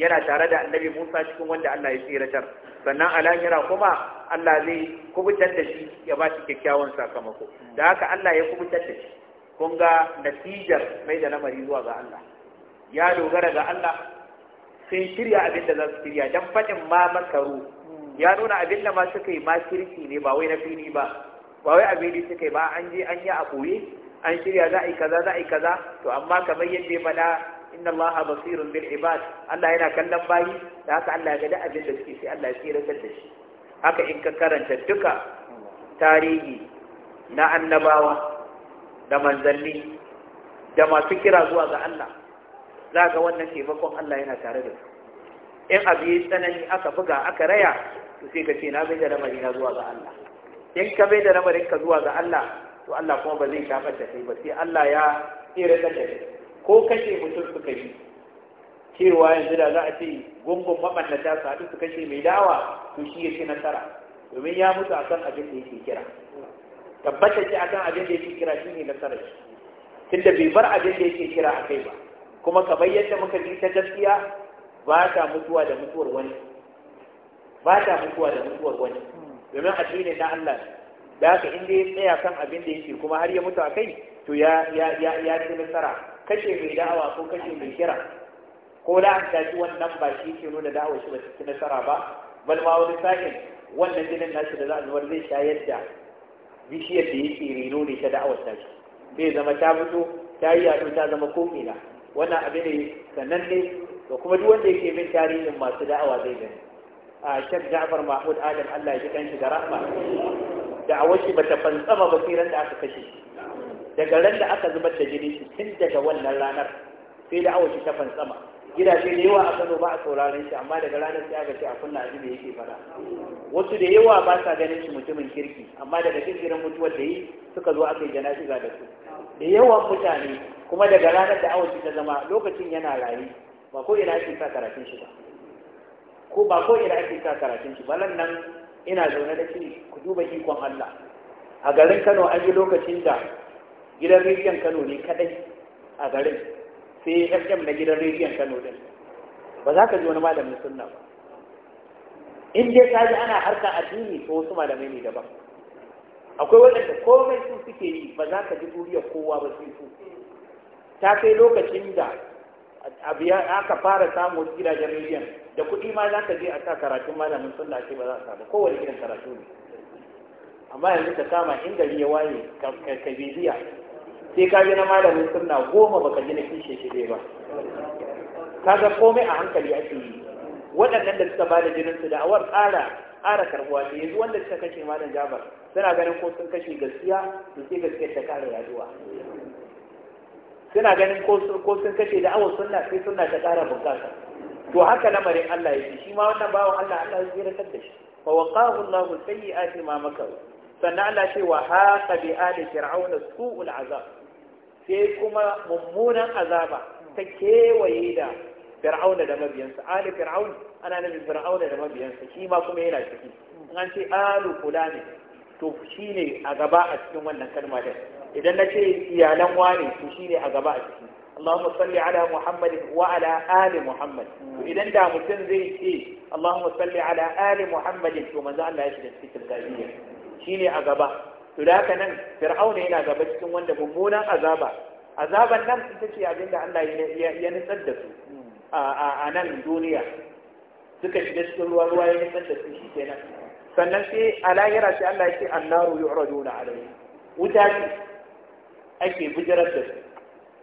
yana tare da Annabi Musa cikin wanda Allah ya tsiratar sannan a lahira kuma Allah zai kubutar da shi ya ba shi kyakkyawan sakamako da haka Allah ya kubutar da shi kun ga natijar mai da lamari zuwa ga Allah ya dogara ga Allah sun shirya abin da za su shirya don faɗin ma makaru ya nuna abin da ma suka yi ma kirki ne ba wai na fili ba ba wai abin da suka yi ba an je an yi a koyi an shirya za a yi kaza za a yi kaza to amma kamar yadda ya faɗa inna allaha basirun bil ibad Allah yana kallon bayi da haka Allah ya ga abin da suke sai Allah ya tsiratar da shi haka in ka karanta duka tarihi na annabawa da manzanni da masu kira zuwa ga Allah za ga wannan taimakon Allah yana tare da su in abu yi tsanani aka buga aka raya to sai ka ce na bai da ramari na zuwa ga Allah in ka bai da ramari ka zuwa ga Allah to Allah kuma ba zai shafar da kai ba sai Allah ya tsere ka kai ko kashe mutum suka yi cewa yanzu da za a ce gungun mabannata su haɗu su kashe mai dawa to shi ya nasara domin ya mutu akan abin da yake kira tabbata ce akan abin da yake kira shi ne nasarar shi tunda bai bar abin da yake kira a kai ba kuma kamar yadda muka ji ta gaskiya ba ta mutuwa da mutuwar wani ba ta mutuwa da mutuwar wani domin addini na Allah da haka in dai tsaya kan abin da yake kuma har ya mutu a kai to ya ya ya ya ci nasara kashe mai da'awa ko kashe mai kira ko da an tashi wannan ba shi ke nuna da'awar shi ba ci nasara ba bal ma wani sa'in wannan jinin nashi da za a zubar zai shayar da bishiyar da yake reno ne ta da'awar tashi zai zama ta fito ta yi yaɗo ta zama ko'ina wannan abu ne sannan ne da kuma duk wanda yake bin tarihin masu da'awa zai gani a shek ja'far mahmud adam allah ya ji kanshi da rahma da'awar shi bata fantsama basiran da aka kashe daga ran da aka zubar da jini shi tun daga wannan ranar sai da'awar shi ta fantsama gidaje da yawa a kano ba a sauraron shi amma daga ranar sai aka ce a kunna abin da yake faɗa. wasu da yawa ba sa ganin shi mutumin kirki amma daga kirkirin mutuwar da yi suka zo aka yi jana'iza da su da yawan mutane kuma daga ranar da awon ta zama lokacin yana rayu ba ko ina ake sa karatun shi ba ko ba ko ina ake sa karatun shi ba nan ina zaune da shi ku duba ikon Allah a garin Kano an yi lokacin da gidan rediyon Kano ne kadai a garin sai fm na gidan rediyon kano din ba za ka ji wani malamin sunna ba in dai ka ji ana harka addini ko wasu malamai ne daban akwai waɗanda komai su suke yi ba za ka ji duriyar kowa ba sai su ta kai lokacin da abu aka fara samu wasu gidajen rediyon da kuɗi ma za ka je a sa karatun malamin sunna ce ba za a samu kowane gidan karatu ne amma yanzu ka kama inda ya waye ka bibiya sai ka ji na malamin suna goma baka ji na kishe shi dai ba kaga komai a hankali ake yi waɗannan da suka ba da jinin su da awar ƙara ƙara karbuwa ce yanzu wanda suka kashe malam jabar suna ganin ko sun kashe gaskiya to sai gaskiyar ta ƙara yaduwa suna ganin ko sun kashe da awar sunna sai sunna ta ƙara bunƙasa to haka lamarin Allah ya yake shi ma wannan bawan Allah Allah ya tsira da shi fa waqahu Allahu sayyi'ati ma makaru sannan Allah ya ce wa haqa bi ali fir'auna su'ul azab sai kuma mummunan azaba ta kewaye da fir'auna da mabiyansa ali fir'aun ana nufin fir'auna da mabiyansa shi ma kuma yana ciki an ce alu kula to shi ne a gaba a cikin wannan kalma din idan na ce iyalan wani to shi ne a gaba a ciki Allahumma salli ala Muhammad wa ala ali Muhammad to idan da mutum zai ce Allahumma salli ala ali Muhammad to manzo Allah ya shiga cikin tarbiyya Shine a gaba to da haka nan fir'auna yana gaba cikin wanda mummunan azaba azaban nan ita ce abin da Allah ya nutsar da su a nan duniya suka shiga cikin ruwa ruwa ya nutsar da su shi kenan sannan sai a lahira sai Allah ya ce annaru yu'raduna alayhi wuta ce ake bijirar da su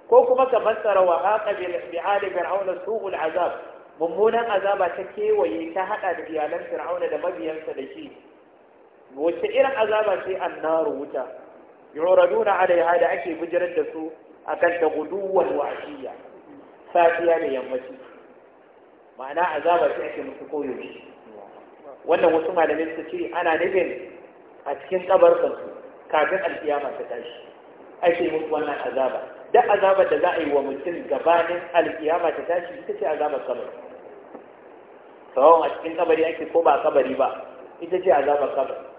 ko kuma ka fassara wa haqa bil bi'ali fir'auna su'ul azab mummunan azaba ta kewaye ta hada da iyalan fir'auna da mabiyansa da shi wace irin azaba ce annaru wuta yuraduna alaiha da ake bijirar da su akan ta guduwan wa ashiya safiya da yammaci ma'ana azaba ce ake musu koyaushe wannan wasu malamai su ce ana nufin a cikin kabarkansu kafin alkiyama ta tashi ake musu wannan azaba duk azabar da za a yi wa mutum gabanin alkiyama ta tashi ita ce azabar kabari sawan a cikin kabari ake ko ba kabari ba ita ce azabar kabari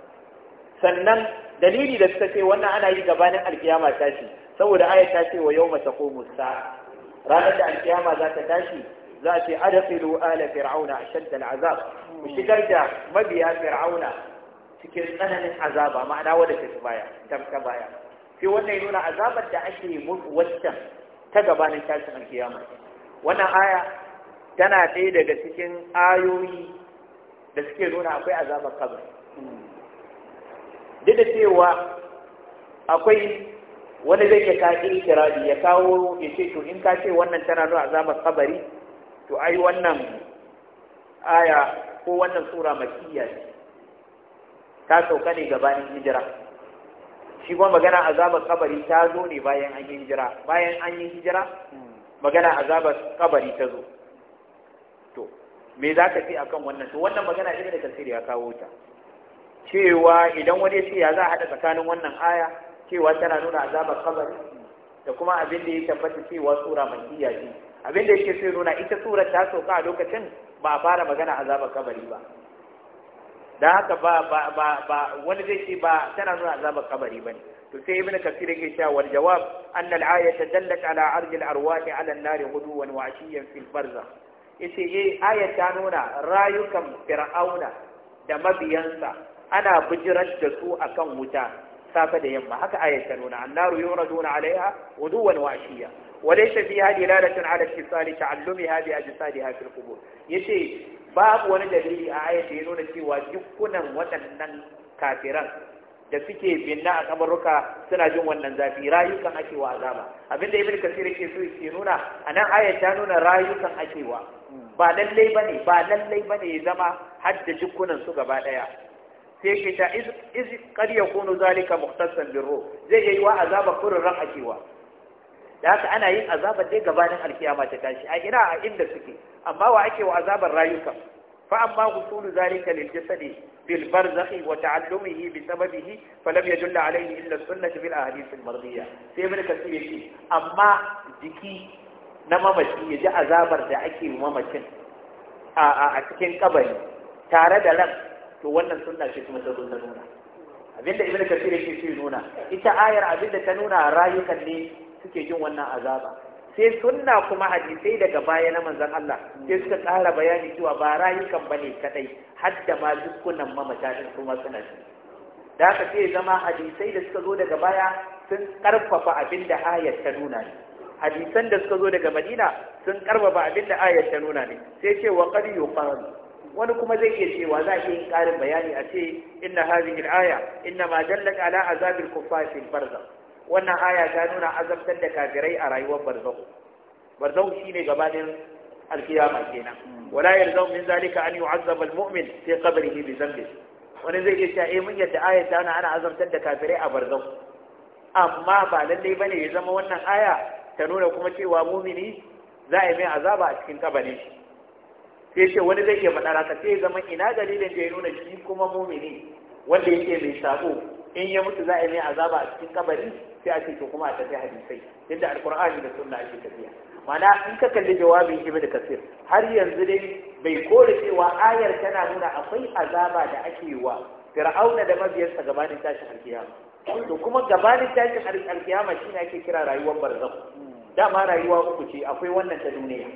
sannan dalili da suka ce wannan ana yi gabanin alkiyama tashi saboda aya ta ce wa yau mace ko ranar da alkiyama za ta tashi za a ce adasilu ala fir'auna ashadda al'azab ku shigar da mabiya fir'auna cikin tsananin azaba ma'ana wadda ta baya ta baya sai wannan nuna azabar da ake wacce ta gabanin tashin alkiyama wannan aya tana ɗaya daga cikin ayoyi da suke nuna akwai azabar kabari duk da cewa akwai wani zai ya kaƙi ya kawo ya ce to in ka ce wannan tana zuwa azabar kabari to ai wannan aya ko wannan sura makiyya ta sauka ne gabanin hijira shi kuma magana azabar kabari ta zo ne bayan an yi hijira bayan an yi hijira magana azabar kabari ta zo to me za ka ce akan wannan to wannan magana ibn kasir ya kawo ta cewa idan wani ce ya za a haɗa tsakanin wannan aya cewa tana nuna azabar kabari da kuma abin da ya tabbata cewa tsura makiya ce abin da yake sai nuna ita surar ta sauka a lokacin ba a fara magana azabar kabari ba da haka ba ba ba wani zai ce ba tana nuna azabar kabari ne. to sai ibnu kafir yake cewa wal jawab an al ayata dallat ala arj al arwah ala an nar ghuduwan wa ashiyan fil barzakh yace eh ayat ta nuna rayukan fir'auna da mabiyansa ana bijirar da su akan wuta safe da yamma haka ayat nuna annaru yuraduna alaiha wuduwan wa ashiya walaysa fiha dilalatun ala ittisali ta'allumiha bi ajsadiha fil qubur yace babu wani dalili a ayyata ya nuna cewa dukkunan waɗannan kafiran da suke binna a kabaruka suna jin wannan zafi rayukan akewa azaba abinda ibn kasir yake so yake nuna anan nan ayyata nuna rayukan akewa ba lallai bane ba lallai bane ya zama hadda jukkunan su gaba ɗaya. sai ke ta iz kar ya kunu zalika zai yi wa azaba kurin ran akewa da haka ana yin azabar dai gabanin alkiyama ta tashi a ina a inda suke amma wa ake wa azabar rayuka fa amma husulu zalika lil jasadi bil barzakhi wa ta'allumihi bi sababihi fa lam yadulla alayhi illa sunnah bil ahadith al mardiya sai mun kace yace amma jiki na mamaci ya ji azabar da ake mamacin a a cikin kabari tare da ran to wannan sunna ce kuma ta zo ta nuna abinda ibnu kathir yake so nuna ita ayar abinda ta nuna rayukan ne suke jin wannan azaba sai sunna kuma hadisai daga baya na manzon Allah sai suka tsara bayani cewa ba rayukan bane kadai hadda ma dukkanin mamata kuma suna ci da haka ce zama hadisai da suka zo daga baya sun karfafa abinda ayar ta nuna ne hadisan da suka zo daga Madina sun karfafa abinda ayar ta nuna ne sai ce wa qad yuqalu wani kuma zai iya cewa za a yi ƙarin bayani a ce inna hadhihi al-aya inna ma dallat ala azabil kuffar fil barzakh wannan aya ta nuna azabtar da kafirai a rayuwar barzakh barzakh shine gabanin alkiyama kenan wala yarzu min zalika an yu'azzaba al-mu'min fi qabrihi bi dhanbi wani zai iya cewa eh mun yadda aya ta ana azabtar da kafirai a barzakh amma ba lallai bane ya zama wannan aya ta nuna kuma cewa mumini za a yi mai azaba a cikin kabarin shi sai ce wani zai iya faɗa haka sai zama ina dalilin da ya nuna shi kuma mumini wanda yake mai sabo in ya mutu za a mai azaba a cikin kabari sai a ce to kuma a tafi hadisai yadda alkur'ani da sunna ake tafiya mana in ka kalli jawabin da kasir har yanzu dai bai kore cewa ayar tana nuna akwai azaba da ake yi wa fir'auna da mabiyarsa gabanin tashin alkiyama to kuma gabanin tashin alkiyama shine ake kira rayuwar barzakh dama rayuwa uku ce akwai wannan ta duniya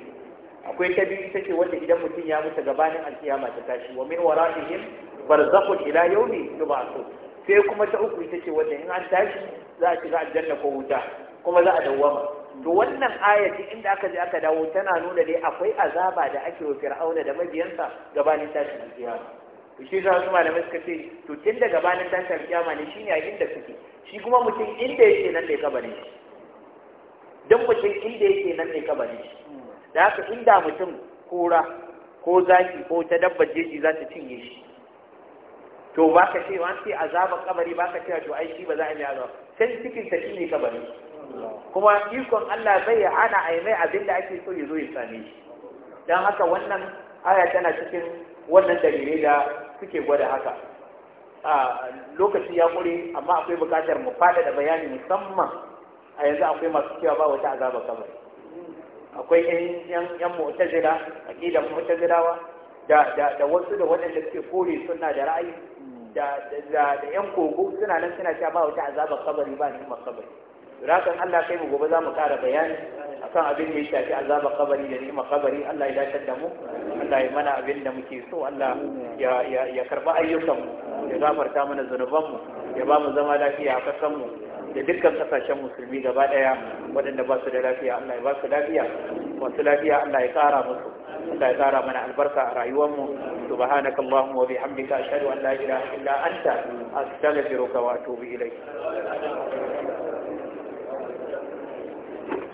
akwai ta biyu ita ce wanda idan mutum ya mutu gabanin alkiyama ta tashi wa min wara'ihim barzakhun ila yawmi yub'athun sai kuma ta uku ita ce wanda in an tashi za a shiga aljanna ko wuta kuma za a dawwama to wannan ayati inda aka je aka dawo tana nuna dai akwai azaba da ake wa fir'auna da mabiyansa gabanin tashin alkiyama to shi za su malamai suka ce to tun da gabanin tashin alkiyama ne shine a inda suke shi kuma mutum inda yake nan ne kabarin shi dan mutum inda yake nan ne kabarin shi da haka inda mutum kura ko zaki ko ta dabbar jeji za ta cinye shi to ba ka ce wa sai azaban kabari ba ka cewa to ai shi ba za a yi azaba sai cikin ta shine kabari kuma ikon Allah zai hana a yi mai abin da ake so ya zo ya same shi don haka wannan aya tana cikin wannan dalilai da suke gwada haka a lokaci ya mure amma akwai bukatar mu fada da bayani musamman a yanzu akwai masu cewa ba wata azabar kabari akwai yan mu'tazila akidan mu'tazilawa da da da wasu da waɗanda suke kore suna da ra'ayi da da yan kogo suna nan suna cewa ba wata azabar kabari ba ne kabari rakan Allah kai mu gobe za mu ƙara bayani akan abin da ya shafi azabar kabari da ni'imar kabari Allah ya dace da mu Allah ya mana abin da muke so Allah ya ya karba ayyukan mu ya gafarta mana zunuban mu ya ba mu zama lafiya a kasan mu da dukkan kasashen musulmi gaba daya waɗanda ba su da lafiya Allah ya ba su lafiya masu lafiya Allah ya ƙara musu Allah ya ƙara mana albarka a rayuwarmu subhanaka allahumma wa bihamdika ashhadu an la ilaha illa anta astaghfiruka wa atubu ilayk